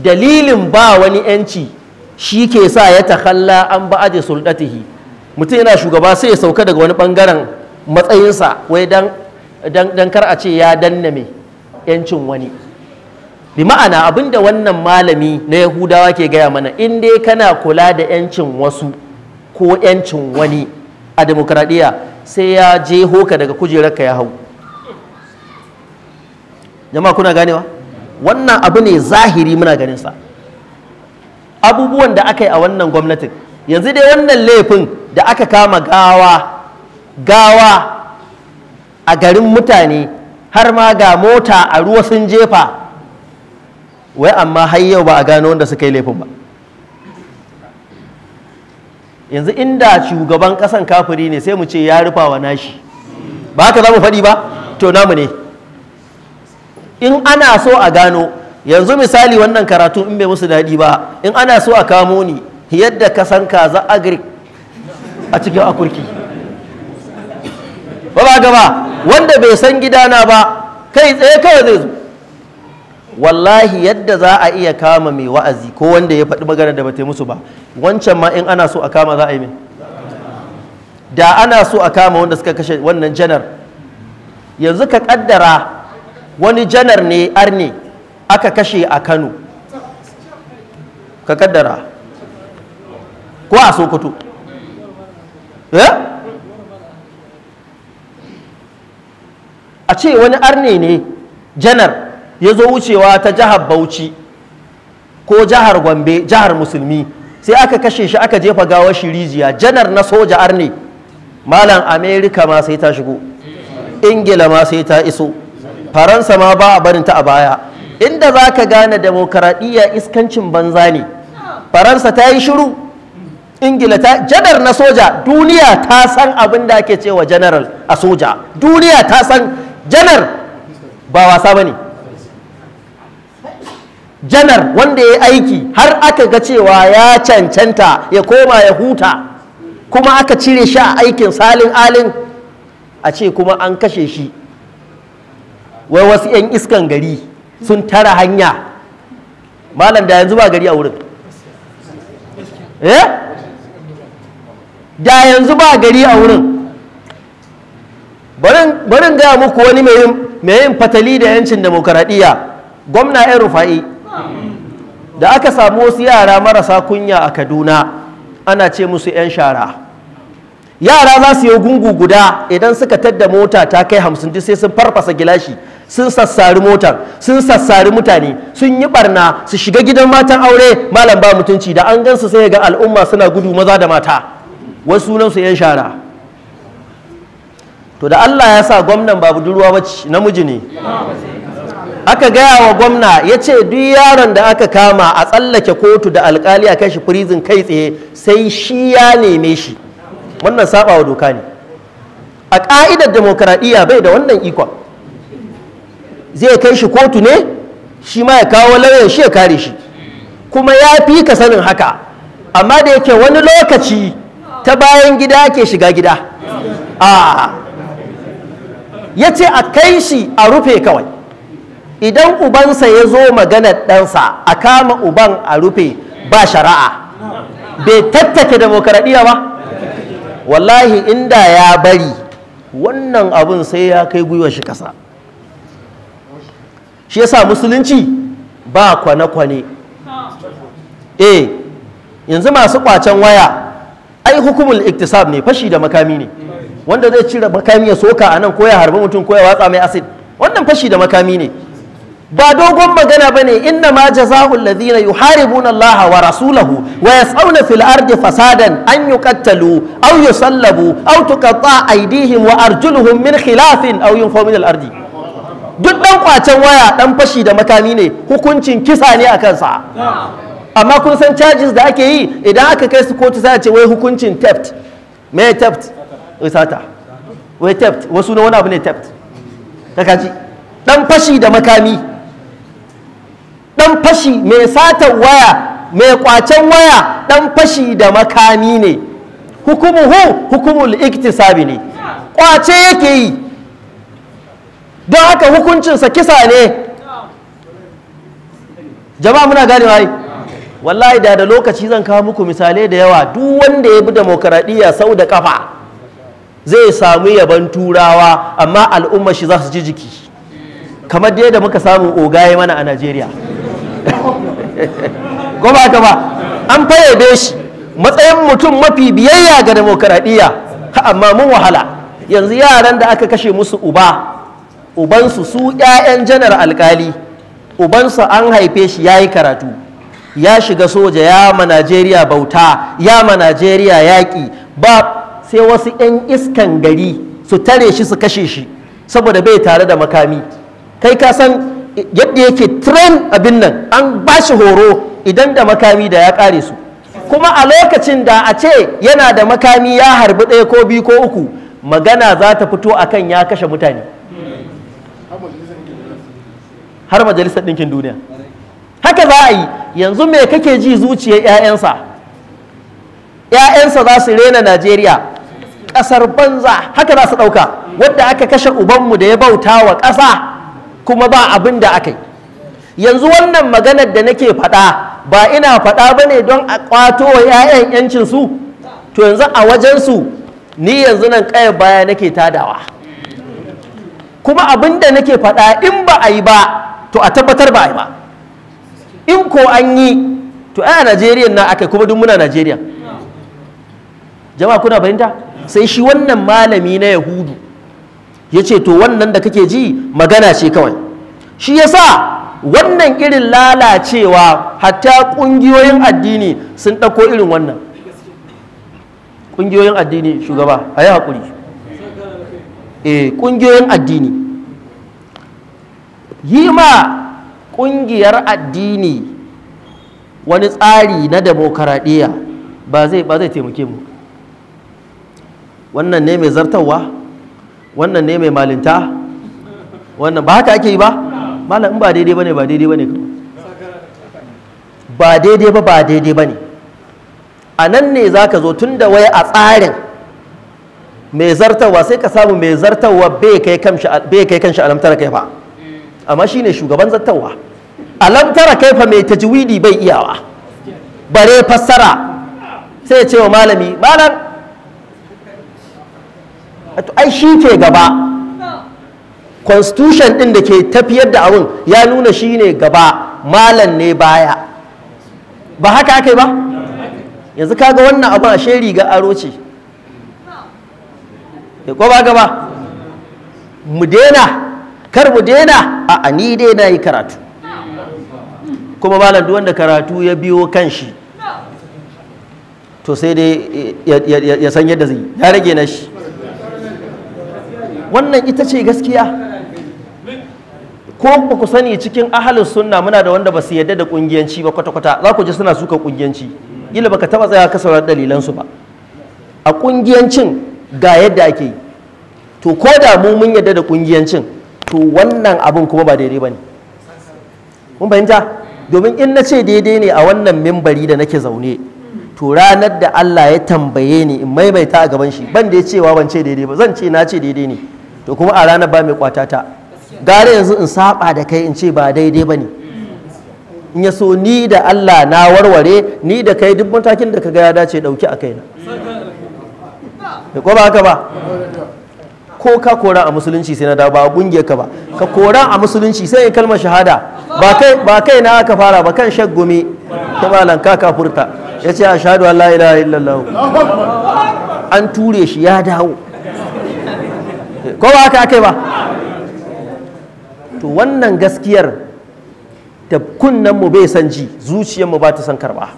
dalilin ba wani yanci shi ke sa ya takalla an ba aje sulɗatihi mutum yana shugaba sai ya sauka daga wani ɓangaren matsayinsa wai dan kar a ce ya danna mai yancin wani bi ma'ana abinda wannan malami na yahudawa ke gaya mana in dai kana kula da yancin wasu ko yancin wani a demokradiyya sai ya je hoka daga kujerarka ya hau jama'a kuna ganewa wannan abu ne zahiri muna ganin sa abubuwan da aka yi a wannan gwamnatin yanzu dai wannan laifin da aka kama gawa gawa a garin mutane har ma ga mota a ruwa sun jefa wai amma har yau ba a gano wanda suka yi laifin ba yanzu inda shugaban ƙasan kafiri ne sai mu ce ya rufa wa nashi ba ka za mu faɗi ba to namu ne in ana so a gano yanzu misali wannan karatu in bai musu daɗi ba in ana so a kamo ni yadda ka san kaza agric a cikin akurki ba ba gaba wanda bai san gidana ba kai tsaye kawai zai zo wallahi yadda za a iya kama mai wa'azi ko wanda ya faɗi magana da ba musu ba wancan ma in ana so a kama za a yi mai da ana so a kama wanda suka kashe wannan janar yanzu ka kaddara wani janar ne arne aka kashe a kano ka kaddara ko a sokoto eh? a ce wani arne ne janar ya zo wucewa ta jihar bauchi ko jihar gombe jihar musulmi sai aka kashe shi aka jefa gawar shi rijiya janar na soja arne malam amerika ma sai ta shigo ingila ma sai ta iso faransa ma ba a barinta a baya inda za ka gane demokaradiyya iskancin banza ne faransa ta yi shiru ingila ta janar na soja duniya ta san abin da ake cewa janar a soja duniya ta san janar ba wasa ba ne janar wanda ya aiki har aka ga cewa ya cancanta ya koma ya huta kuma aka cire shi a aikin salin alin a ce kuma an kashe shi wai wasu 'yan iskan gari sun tara hanya malam da yanzu ba gari a wurin eh? da yanzu ba gari a wurin barin gaya muku wani mai yin fatali da yancin demokaradiyya gwamna 'yan rufa'i da aka samu wasu yara marasa kunya a kaduna ana ce musu 'yan shara yara za su yi gungu guda idan suka tadda mota ta kai hamsin duk sai sun farfasa gilashi sun sassari motar sun sassari mutane sun yi barna su shiga gidan matan aure malam ba mutunci da an gansu sai ga al'umma suna gudu maza da mata wasu sunansu 'yan shara to da allah ya sa gwamnan babu budurwa bace namiji ne aka gaya wa gwamna ya ce duk yaron da aka kama a tsallake kotu da alkali a kashi firizin kai tsaye sai shi ya neme shi wannan saba doka ne a ƙa'idar demokaradiyya bai da wannan ikon zai kai shi kotu ne shi ma ya kawo lauyan shi ya kare shi kuma ya fi ka sanin haka amma da yake wani lokaci ta bayan gida ke shiga gida a ya ce a kai shi a rufe kawai idan ubansa ya zo maganar ɗansa a kama uban a rufe ba shari'a bai tattake demokaradiyya ba wallahi inda ya bari wannan abun sai ya kai gwiwa shi kasa shi yasa musulunci ba kwane-kwane eh yanzu masu kwacen waya ai hukumul iktisab ne fashi da makami ne wanda zai cire makami ya soka a nan ko ya harbi mutum ko ya watsa mai asid wannan fashi da makami ne ba dogon magana ba ne inna ma jaza'ul ladina, yuharibuna Allah wa rasulahu wa yas'auna fil ardi fasadan an yuqattalu aw yusallabu aw a aydihim wa arjuluhum min khilafin aw yunfaw min al ardi duk dan kwacen waya dan fashi da makami ne hukuncin kisa ne a kansa amma kun san charges da ake yi idan aka kai su kotu sai a ce wai hukuncin theft me theft wai wai theft wasu na wani abu ne theft ta kaji dan fashi da makami ɗan fashi mai satan waya mai ƙwacen waya ɗan fashi da makami ne hukumuhu hukumul iktisabi ne ƙwace yake yi don haka hukuncinsa kisa ne jama'a muna gane wai wallahi da da lokaci zan kawo muku misalai da yawa duk wanda ya bi demokaradiyya sau da kafa zai samu yaban turawa amma al'ummar shi za su ji jiki kamar da muka samu ogaye mana a najeriya ko ba ba an fayyade shi matsayin mutum mafi biyayya ga demokaradiyya amma mun wahala yanzu yaran da aka kashe musu uba ubansu su ƴaƴan janar alkali ubansu an haife shi ya yi karatu ya shiga soja ya ma najeriya bauta ya ma najeriya yaƙi ba sai wasu 'yan iskan gari su tare shi su kashe shi saboda bai tare da makami kai ka san yadda yake train abin nan an ba shi horo idan da makami da ya kare su kuma a lokacin da a ce yana da makami ya harbi ɗaya ko biyu ko uku magana za ta fito kan ya kashe mutane har majalisar ɗinkin duniya haka za a yi yanzu me kake ji zuciyar 'ya'yansa 'ya'yansa za su rena najeriya ƙasar banza haka za su ɗauka wadda aka kashe ubanmu da ya bauta wa ƙasa kuma ba abin da aka yi yanzu wannan maganar da nake faɗa ba ina faɗa ba ne don a ƙwato wa 'ya'yan 'yancinsu to yanzu a wajensu ni yanzu nan ƙayar baya nake tadawa kuma abin da nake faɗa in ba a yi ba to a tabbatar ba a yi ba in ko an yi to a najeriya na aka kuma duk muna najeriya jama'a kuna fahimta sai shi wannan malami na yahudu ya ce to wannan da kake ji magana ce kawai shi yasa wannan irin lalacewa hatta ƙungiyoyin addini sun ɗauko irin wannan ƙungiyoyin addini shugaba a yi haƙuri eh ƙungiyoyin addini yi ma ƙungiyar addini wani tsari na demokaradiyya ba zai taimake mu wannan ne mai zartarwa wannan ne mai malinta wannan ba haka ake yi ba malam in ba daidai bane ba daidai bane ba daidai ba ba daidai bane a nan ne za ka zo tun da wai a tsarin mai zartarwa sai ka samu mai zartarwa bai kai kanshi alamtara kai ba amma shine shugaban zartarwa alamtara kai fa mai tajwidi bai iyawa bare fassara sai ya ce wa malami malam ai shi ke gaba constitution ɗin da ke tafiyar da abun ya nuna shi ne gaba malam ne baya ba haka aka ba yanzu kaga wannan abun a sheri ga aro ce ko ba gaba mu dena kar mu dena a ani dai na yi karatu kuma malam duk wanda karatu ya biyo kan shi to sai dai ya san yadda zai ya rage na shi wannan ita ce gaskiya ko ba ku sani cikin ahalin sunna muna da wanda ba su yadda da kungiyanci ba kwata-kwata za ku ji suna suka kungiyanci ila baka taba tsaya ka saurari dalilansu ba a kungiyancin ga yadda ake yi to ko da mu mun yadda da kungiyancin to wannan abin kuma ba daidai ba ne mun fahimta domin in na ce daidai ne a wannan mimbari da nake zaune to ranar da Allah ya tambaye ni in maimaita a gaban shi ban da ya cewa ban ce daidai ba zan ce na ce daidai ne to kuma a ranar ba mai kwata ta. gare yanzu in saba da kai in ce ba daidai ba ne in ya so ni da Allah na warware ni da kai duk matakin da kaga ya dace dauki a kaina da ko ba haka ba ko ka kora a musulunci sai na dawo ba a ka ba ka kora a musulunci sai kalmar shahada ba kai na aka fara ba kan shaggumi ta malan ka kafurta yace ashhadu an la ilaha illallah an ture shi ya dawo ko ba haka aka ba to wannan gaskiyar da kunnen mu bai san ji zuciyar mu ba ta san karba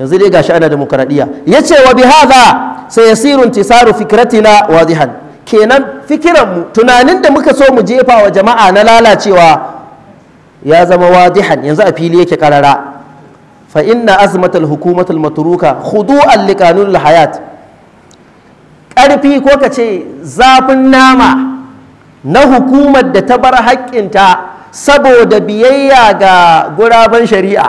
yanzu dai gashi ana demokradiya yace wa bi hadha sayasiru intisaru fikratina wadihan kenan fikiran mu tunanin da muka so mu jefa wa jama'a na lalacewa ya zama wadihan yanzu a fili yake karara fa inna azmatal hukumatul matruka khudu'an liqanul hayat ƙarfi ko ka ce zafin nama na hukumar da ta bar haƙƙinta saboda biyayya ga guraben shari'a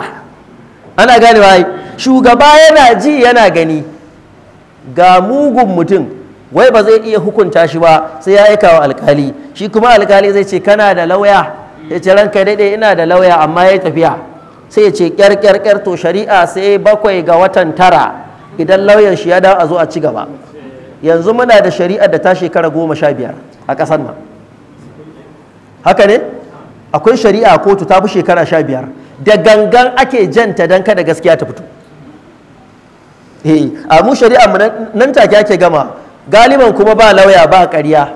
ana gani ba shugaba yana ji yana gani ga mugun mutum wai ba zai iya hukunta shi ba sai ya aika wa alkali shi kuma alkali zai ce kana da lauya ya ce ranka daidai ina da lauya amma ya tafiya sai ya ce kyar kyar to shari'a sai bakwai ga watan tara idan lauyan shi ya dawo a zo a ci gaba yanzu muna da shari'ar da ta shekara goma sha biyar a ƙasar nan haka ne akwai shari'a kotu ta fi shekara sha biyar da gangan ake janta don kada gaskiya ta fito eh, a mu shari'a mu nan take ake gama galiban kuma ba lauya ba ƙarya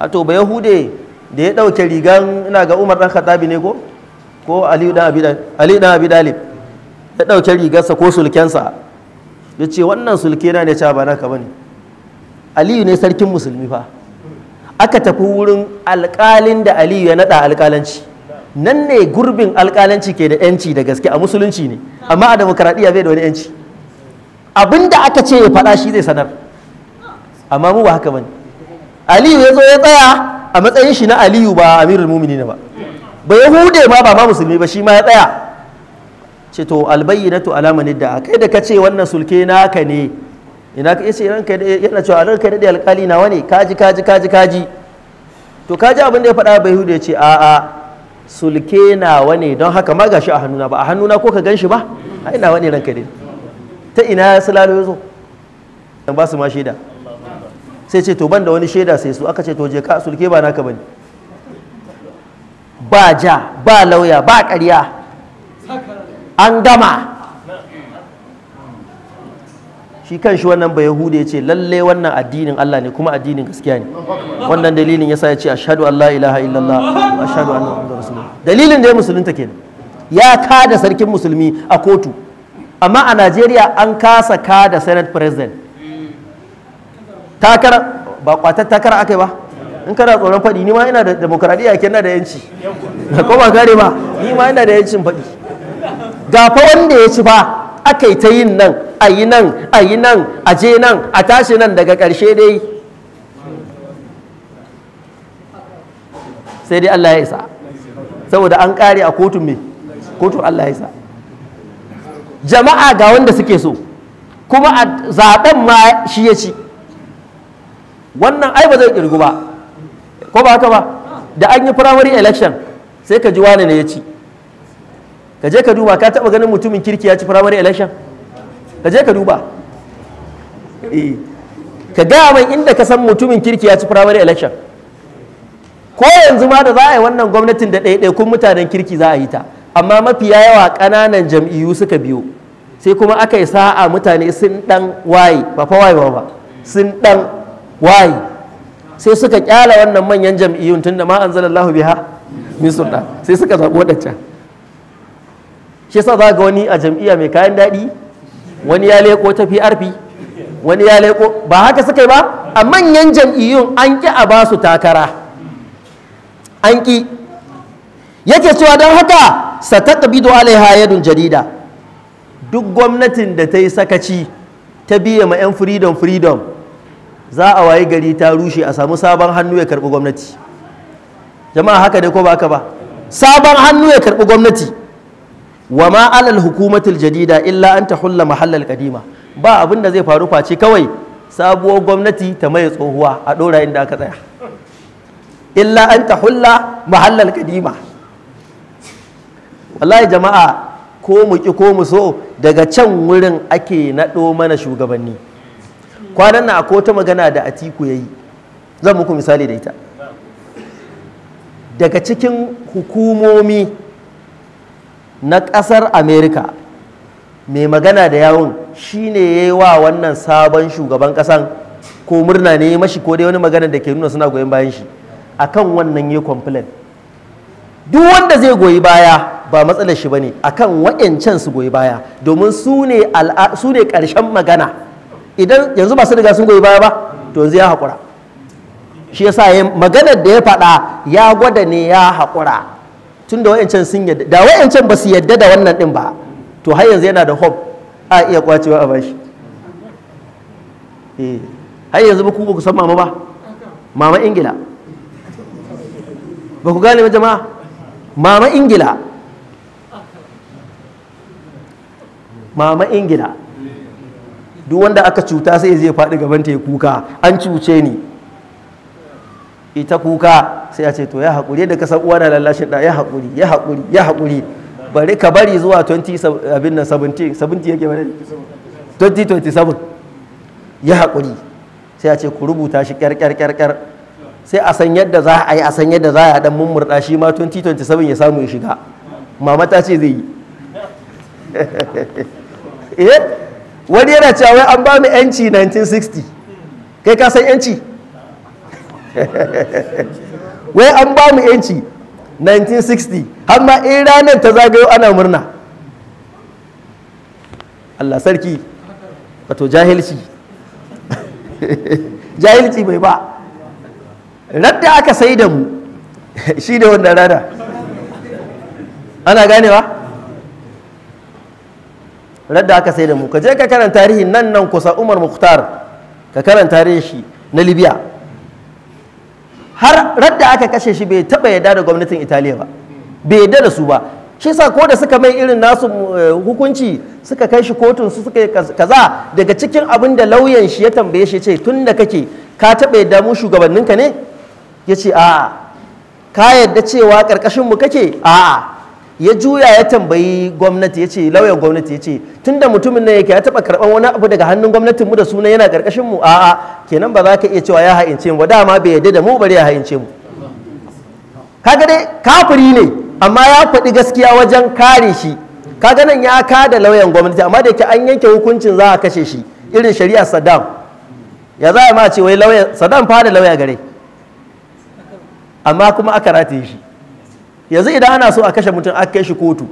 a to ba yahude da ya ɗauke rigan ina ga umar ɗan khattabi ne ko ko aliyu ɗan abi dalib ya ɗauke rigarsa ko sulkensa ya ce wannan sulke na ne ca ba ka ba ne aliyu ne sarkin musulmi fa aka tafi wurin alkalin da aliyu ya nada alkalanci nan ne gurbin alkalanci ke da yanci da gaske a musulunci ne amma a demokaradiyya bai da wani yanci abinda aka ce ya faɗa shi zai sanar amma mu ba haka bane aliyu ya zo ya tsaya a matsayin shi na aliyu ba amirul muminin ba ba yahude ma ba ma musulmi ba shi ma ya tsaya ce to albayyinatu alamanid da kai da ka ce wannan sulke naka ne ina ka yace ranka yana cewa ranka dade alƙali na wani kaji kaji kaji kaji to kaji abin da ya faɗa bai hudu ya ce a a sulke na wani don haka ma gashi a hannuna ba a hannuna ko ka gan shi ba a ina wani ranka dade ta ina ya sulalo ya zo ba su ma shaida sai ce to ban da wani shaida sai su aka ce to je ka sulke ba naka bane ba ja ba lauya ba ƙarya an gama shi kan shi wannan bai yahuda ya ce lalle wannan addinin Allah ne kuma addinin gaskiya ne wannan dalilin ya sa ya ce ashhadu Allah la ilaha illallah ashhadu anna muhammadar rasulullah dalilin da ya musulunta kenan ya kada sarkin musulmi a kotu amma a Najeriya an kasa kada senate president takara ba kwatar takara yi ba in kana tsoron faɗi ni ma ina da demokradiyya ke na da yanci ko ba gare ba ni ma ina da yancin faɗi ga fa wanda ya ci ba aka yi ta yin nan a yi nan a yi nan a je nan a tashi nan daga ƙarshe dai sai dai Allah ya isa saboda an ƙare a kotun me kotu Allah ya isa jama'a ga wanda suke so kuma a zaben ma shi ya ci wannan ai ba zai ƙirgu ba ko ba haka ba da an yi primary election sai ka ji wane ne ya ci ka je ka duba ka taba ganin mutumin kirki ya ci firamare election ka je ka duba eh, ka gaya mai inda ka san mutumin kirki ya ci firamare election ko yanzu ma da za a yi wannan gwamnatin da ɗaiɗaikun mutanen kirki za a yi ta amma mafiya yawa ƙananan jam'iyyu suka biyo sai kuma aka yi sa'a mutane sun ɗan waye ba fa waye ba sun ɗan waye sai suka ƙyala wannan manyan jam'iyyun tun da ma anzalallahu biha min sai suka zaɓi waɗancan shi sa za ga wani a jam'iyya mai kayan daɗi wani ya leko ta PRP wani ya leko ba haka suka yi ba a manyan jam'iyyun an ƙi a ba su takara an ƙi yake cewa don haka sa, ta, sataqbidu alaiha yadun jarida duk gwamnatin da ta yi sakaci ta biya ma 'yan freedom freedom za a wayi gari ta rushe a samu sabon hannu ya karɓi gwamnati jama'a haka dai ko ba haka ba sabon hannu ya karɓi gwamnati wa ma alal hukumatul jadida illa an tahulla mahallal kadima ba abin da zai faru face kawai sabuwar gwamnati ta maye tsohuwa a ɗora inda aka tsaya illa an tahulla mahallal kadima wallahi jama'a ko mu ki ko mu so daga can wurin ake naɗo mana shugabanni kwanan nan akwai wata magana da atiku ya zan muku misali da ita daga cikin hukumomi na ƙasar amerika mai magana da yawon shi ne ya yi wa wannan sabon shugaban ƙasan ko murna ne ya mashi ko dai wani magana da ke nuna suna goyon bayan shi a kan wannan ya complain duk wanda zai goyi baya ba matsalar shi ba ne a kan wa'yancan su goyi baya domin su ne ƙarshen magana idan yanzu ba su riga sun goyi baya ba to yanzu ya haƙura shi maganar da ya faɗa ya gwada ne ya haƙura tun da wayancan sun yadda da wayancan ba su yadda da wannan din ba to har yanzu yana da hope a iya kwacewa a bashi eh, har yanzu ba ku ba ku san mama ba mama ingila ba ku gane ba jama'a mama ingila mama ingila duk wanda aka cuta sai zai faɗi gaban ta ya kuka an cuce ni ita kuka sai a ce to ya haƙuri yadda ka san uwa na lallashin da ya haƙuri ya haƙuri ya haƙuri bari ka bari zuwa 20 abin nan yake bari 2027 ya haƙuri sai a ce ku rubuta shi ƙyar ƙyar ƙyar ƙyar sai a san yadda za a yi a san yadda za a dan mummurɗa shi ma 2027 ya samu ya shiga mama ta ce zai yi eh wani yana cewa wai an ba mu yanci 1960 kai ka san yanci wai an ba mu yanci 1960 har ma in ranar ta zagayo ana murna Allah sarki wato jahilci jahilci bai ba radda aka sai da mu shi ne wannan rana ana ganewa radda aka sai da mu ka je ka karanta tarihin nan nan kusa umar muktar ka karanta tarihin shi na libya har radda aka kashe shi bai taba yarda da gwamnatin italiya ba bai yarda da su ba shi sa ko da suka mai irin nasu eh, hukunci suka kai shi kotun su suka yi kaza daga cikin abin da lauyan shi ya tambaye shi ce tun da kake ka taɓa yarda mu shugabanninka ne ya ce a'a ka yarda cewa karkashin mu kake a'a ya juya ya tambayi gwamnati ya ce lauyan gwamnati ya ce tunda mutumin nan yake ya taɓa karɓan wani abu daga hannun gwamnatin mu da suna yana ƙarƙashin mu a'a kenan ba za ka iya cewa ya haince mu ba dama bai yadda da mu bari ya haince mu kaga dai kafiri ne amma ya faɗi gaskiya wajen kare shi kaga nan ya kada lauyan gwamnati amma da yake an yanke hukuncin za a kashe shi irin shari'a Saddam ya za a ma ce wai lauyan Saddam fa da lauya gare amma kuma aka rataye shi yanzu idan ana so a kashe mutum aka kai shi kotu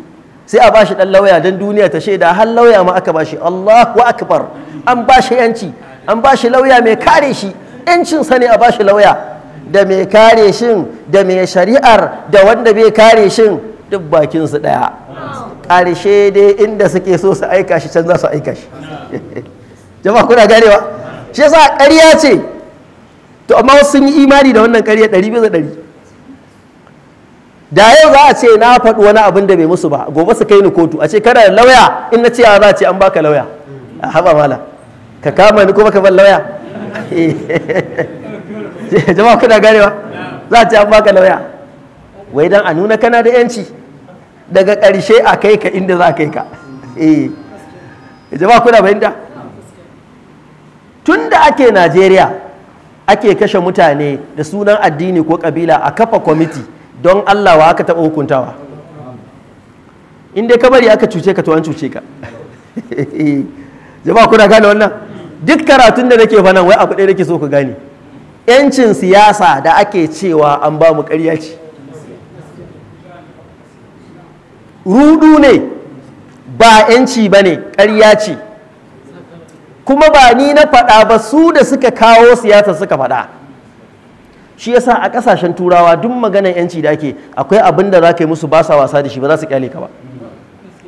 sai a bashi dan lauya dan duniya ta shaida har lauya ma aka bashi Allahu akbar an bashi yanci an bashi lauya mai kare shi yancin sa ne a bashi lauya da mai kare shin da mai shari'ar da wanda bai kare shin duk bakin su daya karshe dai inda suke so su aika shi can za su aika shi jama'a kuna ganewa shi yasa ƙarya ce to amma sun yi imani da wannan ƙarya ɗari bisa ɗari da yau za a ce na faɗi wani abin da bai musu ba gobe su kai ni kotu a ce kana da lauya in na ce za a ce an baka lauya a haɓa mala ka kama ni kuma ka bar lauya jama'a kuna ganewa za a ce an baka lauya wai dan a nuna kana da yanci daga ƙarshe a kai ka inda za a kai ka eh. jama'a kuna bayanta tun da ake najeriya ake kashe mutane da sunan addini ko kabila a kafa kwamiti don Allah wa aka taɓa hukuntawa in dai bari aka cuce ka to an cuce ka jama'a kuna gane wannan duk karatun da nake fanan wai abu ɗaya nake so ku gane yancin siyasa da ake cewa an ba mu ƙarya ce rudu ne ba yanci ba ne ƙarya ce kuma ba ni na faɗa ba su da suka kawo siyasa suka faɗa shi yasa a kasashen turawa duk maganar yanci da ake akwai abin da za ka yi musu ba sa wasa da shi ba za su kyale ka ba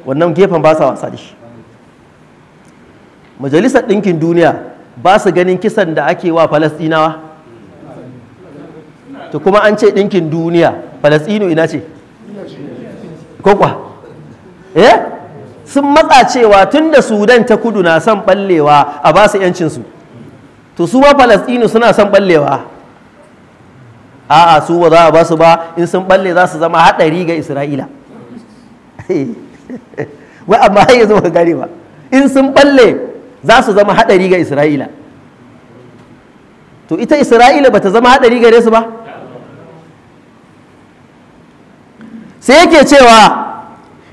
wannan gefen ba sa wasa da shi majalisar ɗinkin duniya ba su ganin kisan da ake wa falastinawa to kuma an ce ɗinkin duniya falastino ina ce kokwa eh sun matsa cewa tun da sudan ta kudu na son ɓallewa a ba su 'yancinsu to su ba falastino suna son ɓallewa a'a su ba za a basu ba in sun balle za su zama haɗari ga isra'ila wai amma har yanzu ba gane ba in sun balle za su zama haɗari ga isra'ila to ita isra'ila ba ta zama haɗari gare su ba sai yake cewa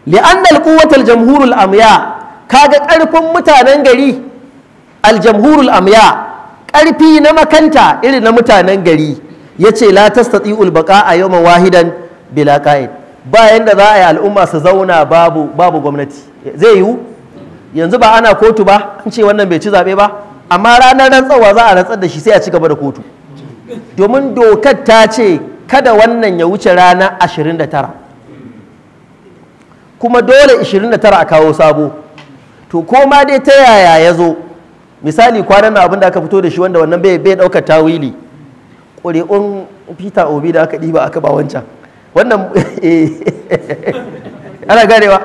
li'annal quwwatal jamhurul amya kaga ƙarfin mutanen gari aljamhurul amya ƙarfi na makanta irin na mutanen gari yace la ulbaka a yau wahidan bila qa'id ba yadda za a yi al'umma su zauna babu babu gwamnati zai yiwu yanzu ba ana kotu ba an ce wannan bai ci zaɓe ba amma ranar rantsawa za a rantsar da shi sai a ci gaba da kotu domin dokar ta ce kada wannan ya wuce rana 29 kuma dole 29 a kawo sabo to koma dai ta yaya ya zo misali kwanan abin da aka fito da shi wanda wannan bai ɗaukar tawili ƙuri'un peter obi da aka ɗiba aka ba wancan wannan eh, ana ganewa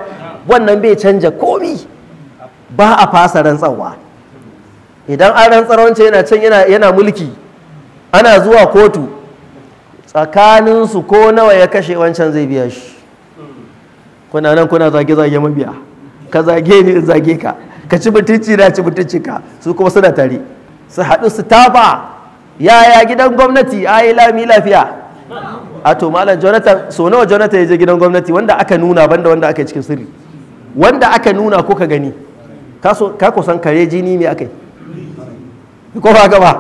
wannan bai canja komi ba a fasa rantsarwa idan an rantsar wancan yana can yana mulki ana zuwa kotu tsakaninsu ko nawa ya kashe wancan zai biya shi kuna nan kuna zage-zage mabiya ka zage ni zage ka ka ci mutunci na ci mutunci ka su kuma suna tare su haɗu su tafa yaya gidan gwamnati a yi lami lafiya a to malam jonathan so nawa jonathan ya je gidan gwamnati wanda aka nuna banda wanda aka cikin sirri wanda aka nuna ko ka gani ka kusan kare jini me aka yi ko ba gaba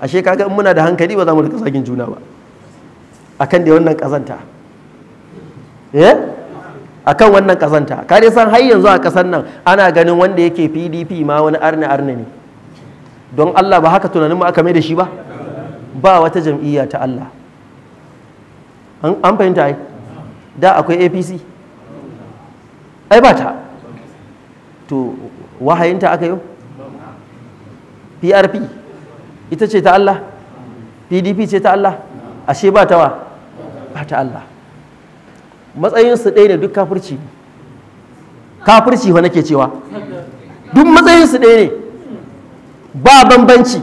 ashe kaga in muna da hankali ba za mu rika sakin juna ba akan da wannan kazanta eh akan wannan kazanta ka dai san har yanzu a kasan nan ana ganin wanda yake PDP ma wani arne arne ne don Allah ba haka tunanin mu aka mai da shi ba ba wata jam'iyya ta Allah an fahimta ai da akwai apc ai ba ta to wahayinta aka yau prp ita ce ta Allah pdp ce ta Allah ashe ba ta wa ba ta Allah matsayinsu ɗaya ne duk kafirci kafirci wa nake cewa duk matsayinsu ɗaya ne ba bambanci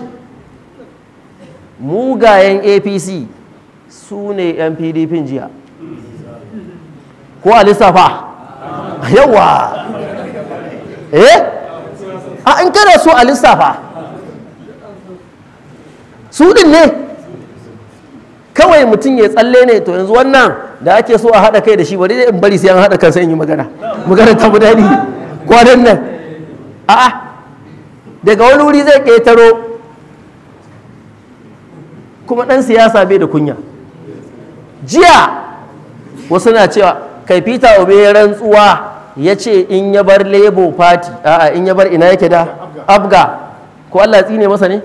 mugayen apc su ne yan pdp jiya ko a lissafa yawa eh a in kada su a lissafa su din ne kawai mutum ya tsalle ne to yanzu wannan da ake so a haɗa kai da shi bari in bari sai an haɗa kansa in yi magana magana ta mu daɗi kwanan nan a'a daga wani wuri zai ƙetaro kuma ɗan siyasa bai da kunya jiya wasu na cewa kai peter obe rantsuwa ya ce in ya bar labour party a'a in ya bar ina yake da abga ko allah tsine masa ne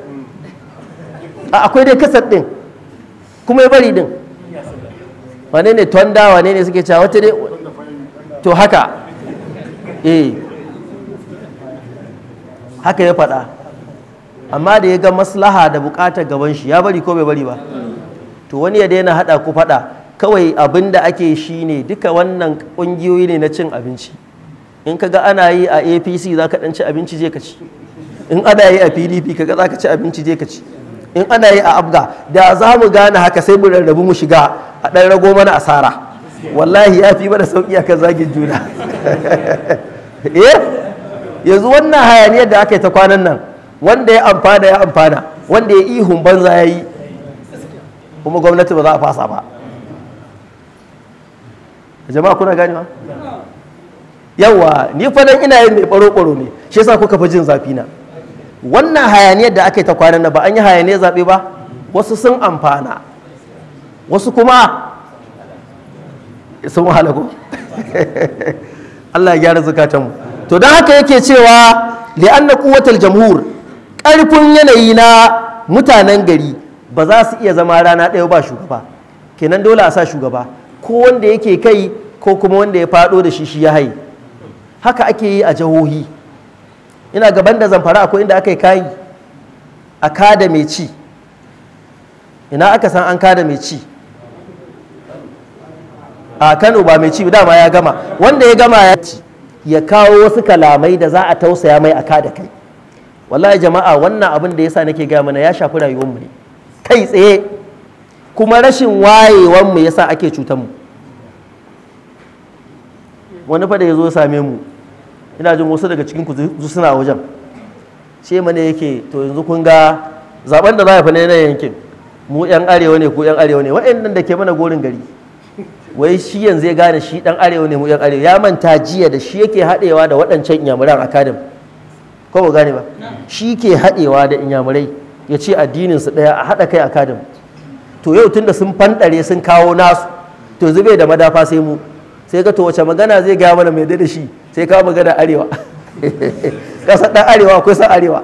akwai dai kasar ɗin kuma ya bari ɗin wane ne tonda wane ne suke cewa wata ne to haka eh haka ya faɗa amma da ya ga maslaha da buƙatar gaban shi ya bari ko bai bari ba to wani ya daina haɗa ku faɗa kawai abin da ake shi ne duka wannan ƙungiyoyi ne na cin abinci in ka ga ana yi a apc za ka ɗan ci abinci je ka ci in ana yi a pdp ka ga za ka ci abinci je ka ci in ana yi a abga da za mu gane haka sai mu rarrabu mu shiga a ɗan rago mana asara wallahi ya fi mana sauƙi a kan zagin juna eh yanzu wannan hayaniyar da aka yi ta kwanan nan wanda ya amfana ya amfana wanda ya ihun banza ya yi kuma gwamnati ba za a fasa ba jama'a kuna ba yawa ni fadan ina yin mai baro-baro ne shi yasa kuka fi jin zafi na wannan hayaniyar da aka yi ta kwanan nan ba an yi hayaniyar zaɓe ba wasu sun amfana wasu kuma sun wahala ko Allah ya gyara zukatanmu to don haka yake cewa li'anna kuwatar jamhur ƙarfin yanayi na mutanen gari ba za su iya zama rana ɗaya ba shugaba kenan dole a sa shugaba ko wanda yake kai ko kuma wanda ya faɗo da shi shi ya haye haka ake yi a jihohi ina gaban da zamfara akwai inda aka yi kayi a kada mai ci ina aka san an kada mai ci a kano ba mai ci dama ya gama wanda ya gama ya ci ya kawo wasu kalamai da za a tausaya mai aka da kai wallahi jama'a wannan abin da yasa nake gaya mana ya shafi rayuwarmu ne kai tsaye kuma rashin mu yasa ake cutar mu wani fa da ya same mu ina jin wasu daga cikin ku suna wajen ce mana yake to yanzu kun ga zaben da za a fa na yankin mu yan arewa ne ko yan arewa ne waɗannan da ke mana gorin gari wai shi yanzu ya gane shi dan arewa ne mu yan arewa ya manta jiya da shi yake haɗewa da waɗancan inyamuran akadem ko ba gane ba shi ke haɗewa da inyamurai ya ce addinin su ɗaya a haɗa kai akadem to yau tunda sun fandare sun kawo nasu to zube da madafa sai mu sai ka to wace magana zai gaya mana mai da shi sai ka magana arewa kasa dan arewa akwai san arewa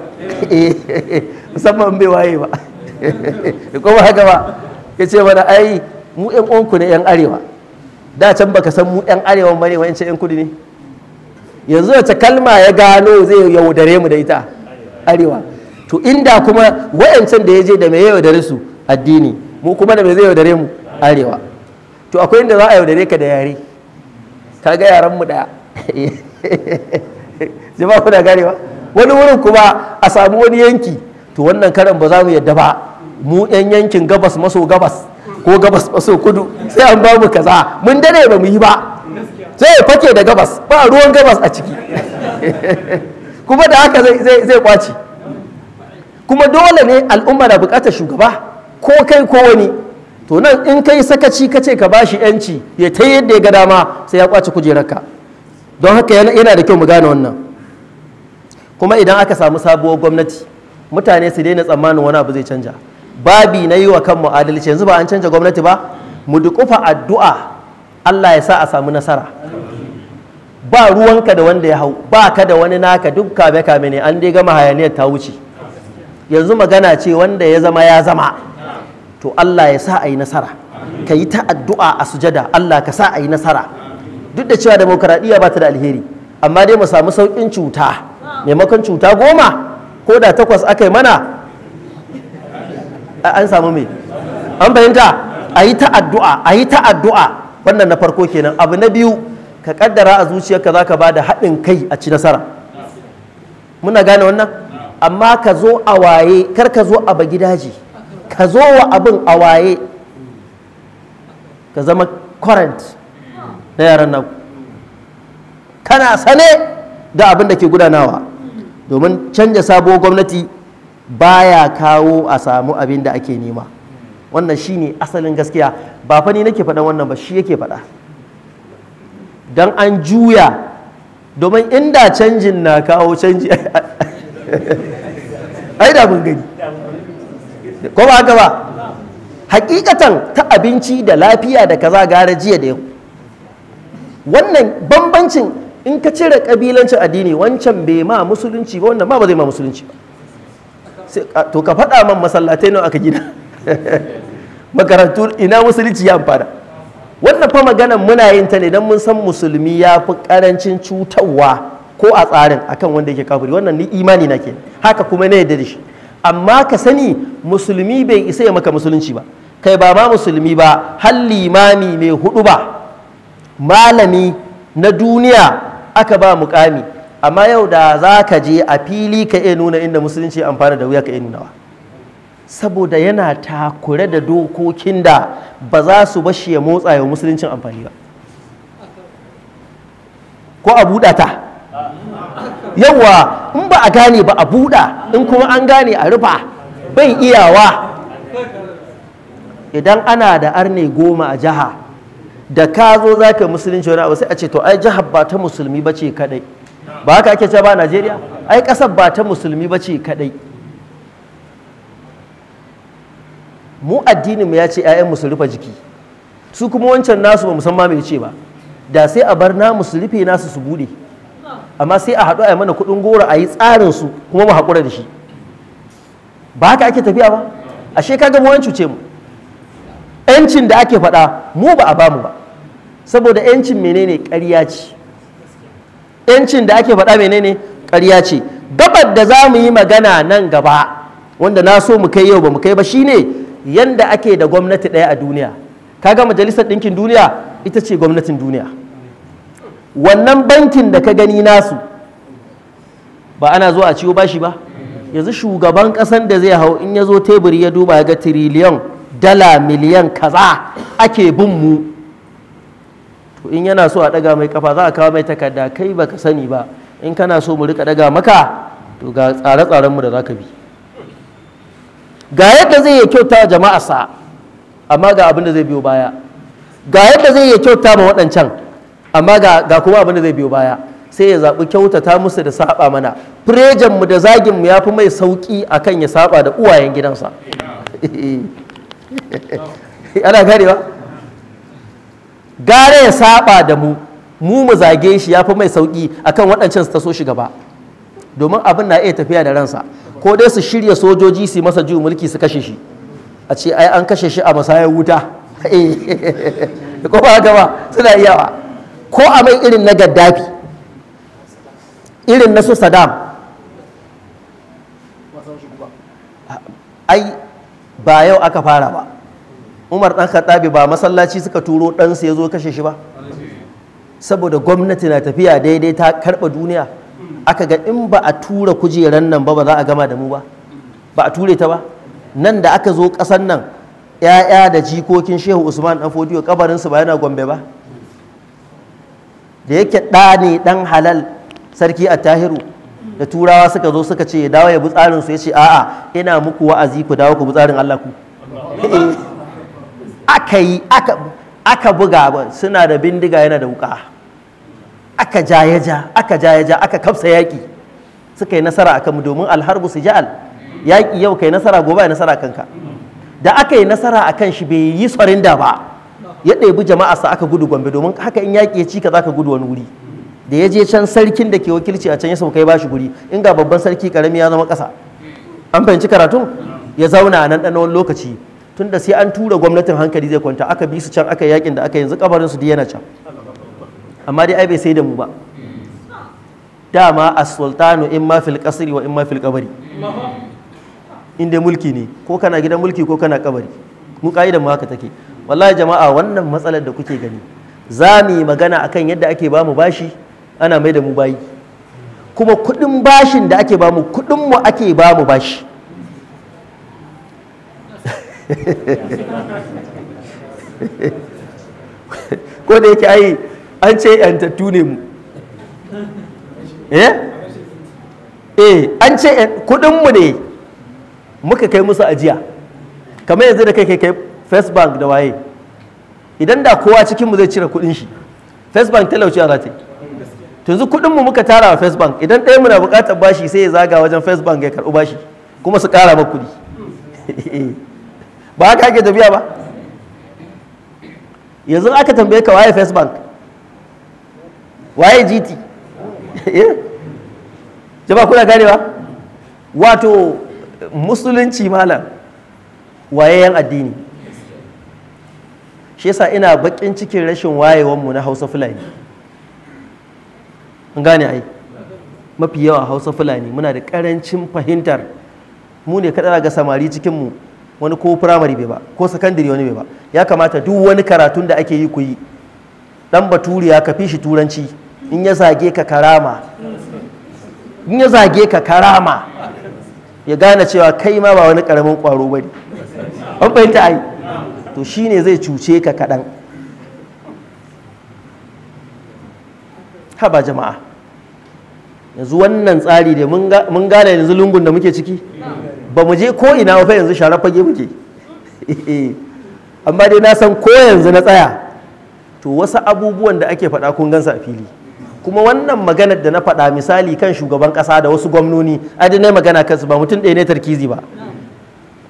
musamman bai waye ba ko ba haka ba ya ce mana ai mu 'yan uwanku ne 'yan arewa da can baka san mu yan ba ne wa'in yan kudu ne yanzu wace kalma ya gano zai yaudare mu da ita arewa to inda kuma wa'ancan da ya je da mai yaudare su addini mu kuma da mai zai yaudare mu arewa to akwai inda za a yaudare ka da yare ka ga yaran mu ba ku kuna garewa wani wurin kuma a samu wani yanki to wannan karan ba za mu yadda ba mu yan yankin gabas maso gabas ko gabas maso kudu sai an ba mu kaza mun dare ba mu yi ba sai ya fake da gabas ba ruwan gabas a ciki kuma da haka zai kwaci kuma dole ne al'umma na bukatar shugaba ko kai ko wani to nan in kai sakaci ka ce ka bashi yanci ya ta yadda ya ga dama sai ya kwaci kujerarka don haka yana da kyau mu gane wannan kuma idan aka samu sabuwar gwamnati mutane su daina tsammanin wani abu zai canja babi na yi wa kanmu adalci yanzu ba an canza gwamnati ba mu dukufa addu'a Allah ya sa a samu nasara ba ruwanka da wanda ya hau ba ka da wani naka duk kame kame ne an dai gama hayaniyar ta wuce yanzu magana ce wanda ya zama ya zama to Allah ya sa a yi nasara ka yi ta addu'a a sujada Allah ka sa a yi nasara duk da cewa demokaradiyya ba ta da alheri amma dai mu samu sauƙin cuta maimakon cuta goma ko da takwas aka yi mana an samu mai an fahimta a yi ta'addu'a addu'a a yi ta wannan na farko kenan abu na biyu ka kaddara a zuciyarka za ka ba da haɗin kai a ci nasara muna gane wannan amma ka zo a waye kar ka zo a bagidaji ka zo wa abin a waye ka zama current na yaran nan kana sane da abin da ke gudanawa domin canja sabuwar gwamnati baya kawo a samu abin da ake nema wannan shine asalin gaskiya ba fa ni nake faɗan wannan ba shi yake faɗa Don an juya domin inda canjin na kawo canji ai da mun gani ko ba haka ba hakikatan ta abinci da lafiya da kaza gara jiya da yau wannan bambancin in ka cire kabilancin addini wancan bai ma musulunci ba wannan ma ba zai ma musulunci ba to ka faɗa man masallatai nawa aka gina makarantu ina musulunci ya amfana wannan fa maganan muna yin ta ne dan mun san musulmi ya fi karancin cutarwa ko a tsarin akan wanda yake kafiri wannan ni imani na ke haka kuma na yadda da shi amma ka sani musulmi bai isa ya maka musulunci ba kai ba ma musulmi ba har limami mai hudu ba malami na duniya aka ba mukami amma yau da za ka je a fili ka iya nuna inda musulunci amfana da wuya ka iya nunawa saboda yana takure da dokokin da ba za su shi ya motsa yau musuluncin amfani ba ko a buɗa ta wa, in ba a gane ba a buɗa in kuma an gane a rufa bai iyawa idan ana da arne goma a jiha da ka zo za ka musulunci wani abu sai a ce to ai jihar ba ta musulmi ba ce kadai ba haka ake ce ba Najeriya ai kasar ba ta musulmi ba ce kadai mu addinin mu ya ce 'ya'yan mu su rufe jiki su kuma wancan nasu ba musamma mai ce ba da sai a bar na su rufe nasu su bude amma sai a haɗu a mana kuɗin goro a yi tsarin su kuma mu haƙura da shi ba haka ake tafiya ba ashe ga mu cuce mu yancin da ake faɗa mu ba a bamu ba saboda yancin menene ƙarya ce yancin da ake faɗa menene ƙarya ce gabar da za mu yi magana nan gaba wanda na so mu kai yau ba mu kai ba shine yadda ake da gwamnati ɗaya a duniya kaga majalisar ɗinkin duniya ita ce gwamnatin duniya wannan bankin da ka gani nasu ba ana zuwa a ciwo bashi ba yanzu shugaban ƙasan da zai hau in ya zo teburi ya duba ga tiriliyan dala miliyan kaza ake bin mu to in yana so a daga mai kafa za a kawo mai takarda kai ka sani ba in kana so mu rika daga maka to ga tsare-tsaren mu da ka bi ga yadda zai yi kyauta jama'a sa amma ga abin da zai biyo baya ga yadda zai yi kyauta ma waɗancan amma ga kuma abin da zai biyo baya sai ya zaɓi kyautata musu da saɓa mana firejan mu da zagin mu ya fi mai sauƙi kan ya saɓa da uwayen gidansa ana ba gara ya saba da mu mu mu zage shi ya fi mai sauƙi akan waɗancan su so shi gaba domin abin na iya tafiya da ransa ko dai su shirya sojoji su masa juyin mulki su kashe shi a ce ai an kashe shi a masayar wuta eh, ko ba gaba suna iya ba ko a mai irin na gaddafi irin na su saddam ai ba yau aka fara ba umar dan khattabi ba masallaci suka turo ɗansa ya zo kashe shi ba saboda gwamnati na tafiya daidai ta karɓa duniya aka ga in ba a tura kujeran nan ba ba za a gama da mu ba ba a ture ta ba nan da aka zo ƙasan nan ‘ya'ya da jikokin shehu usman ɗan fodiyo kabarinsu ba yana gombe ba da yake ɗa ne ɗan halal sarki a tahiru da turawa suka zo suka ce ya dawo ya bi tsarinsu ya ce a'a ina muku wa'azi ku dawo ku bi tsarin allah aka yi aka buga ba suna da bindiga yana da wuka aka jayaja aka jayaja aka kafsa yaƙi suka yi nasara a kanmu domin alharbu su ja'al yaƙi yau kai nasara gobe ya nasara kanka da aka yi nasara a kan shi bai yi da ba ya ɗebi sa aka gudu gombe domin haka in yaƙi ya ci ka za ka gudu wani wuri da ya je can sarkin da ke wakilci a can ya sauka ya bashi guri in ga babban sarki karami ya zama ƙasa an fahimci karatun ya zauna a nan ɗan lokaci tunda sai an tura gwamnatin hankali zai kwanta aka bi su can aka yakin da aka yanzu kabarin su yana can amma dai ai bai sai da mu ba dama as-sultanu imma fil qasri wa imma fil qabri inda mulki ne ko kana gidan mulki ko kana kabari mu ka'idan mu haka take wallahi jama'a wannan matsalar da kuke gani za mu yi magana akan yadda ake bamu bashi ana mai da mu bayi kuma kuɗin bashin da ake bamu kudin mu ake bamu bashi ko da yake ai an ce yantattu ne mu eh, eh an ce kudinmu ne muka kai musu ajiya kamar yanzu da kai kai first bank da waye idan da kowa cikinmu zai cire kudin shi first bank talauci a rataye yanzu kudinmu muka tara a first bank idan ɗaya muna buƙatar bashi sai ya zaga wajen first bank ya karɓi bashi kuma su ƙara maka kudi ba haka ake tafiya ba yanzu aka tambaye ka waye first bank waye gt eh? jaba kuna gane ba wato musulunci malam waye yan addini shi yasa ina bakin cikin rashin wayewanmu na hausa fulani an gane ai mafi yawa hausa fulani muna da karancin fahimtar mu ne kaɗa ga samari cikinmu wani ko firamare bai ba ko sakandare wani bai ba ya kamata duk wani karatun da ake yi ku yi dan baturiya ka fi shi turanci in ya zage ka karama in ya zage ka karama ya gane cewa kai ma ba wani karamin kwaro bane an fahimta ai to shine zai cuce ka kaɗan haba jama'a yanzu wannan tsari da mun gane yanzu lungun da muke ciki ba mu je ko ina fa yanzu shara fage muke amma dai na san ko yanzu na tsaya to wasu abubuwan da ake faɗa kun gansa a fili kuma wannan maganar da na faɗa misali kan shugaban ƙasa da wasu gwamnoni a dinai magana kansu ba mutum ɗaya ne tarkizi ba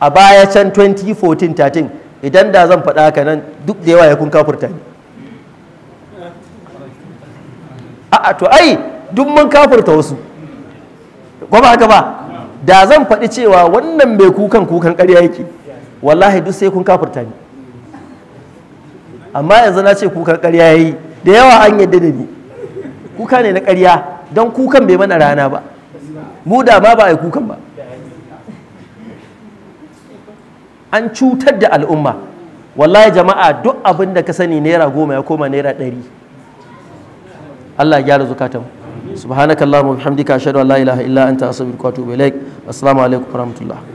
a baya can 2014-13 idan da zan faɗa ka nan duk da yawa ya kun kafurta ne a'a to ai duk mun kafurta wasu ko ba haka ba da zan faɗi cewa wannan mai kukan kukan ƙarya yake wallahi duk sai kun kafurta ni amma yanzu na ce kukan ƙarya yayi da yawa an yadda da ni kuka ne na ƙarya don kukan bai mana rana ba mu da ma ba a yi kukan ba an cutar da al'umma wallahi jama'a duk abin da ka sani naira goma ya koma naira ɗari Allah ya gyara zukatanmu subhanakallahumma bihamdika ashhadu an la ilaha illa anta astaghfiruka wa atubu ilaik assalamu alaikum rahmatullah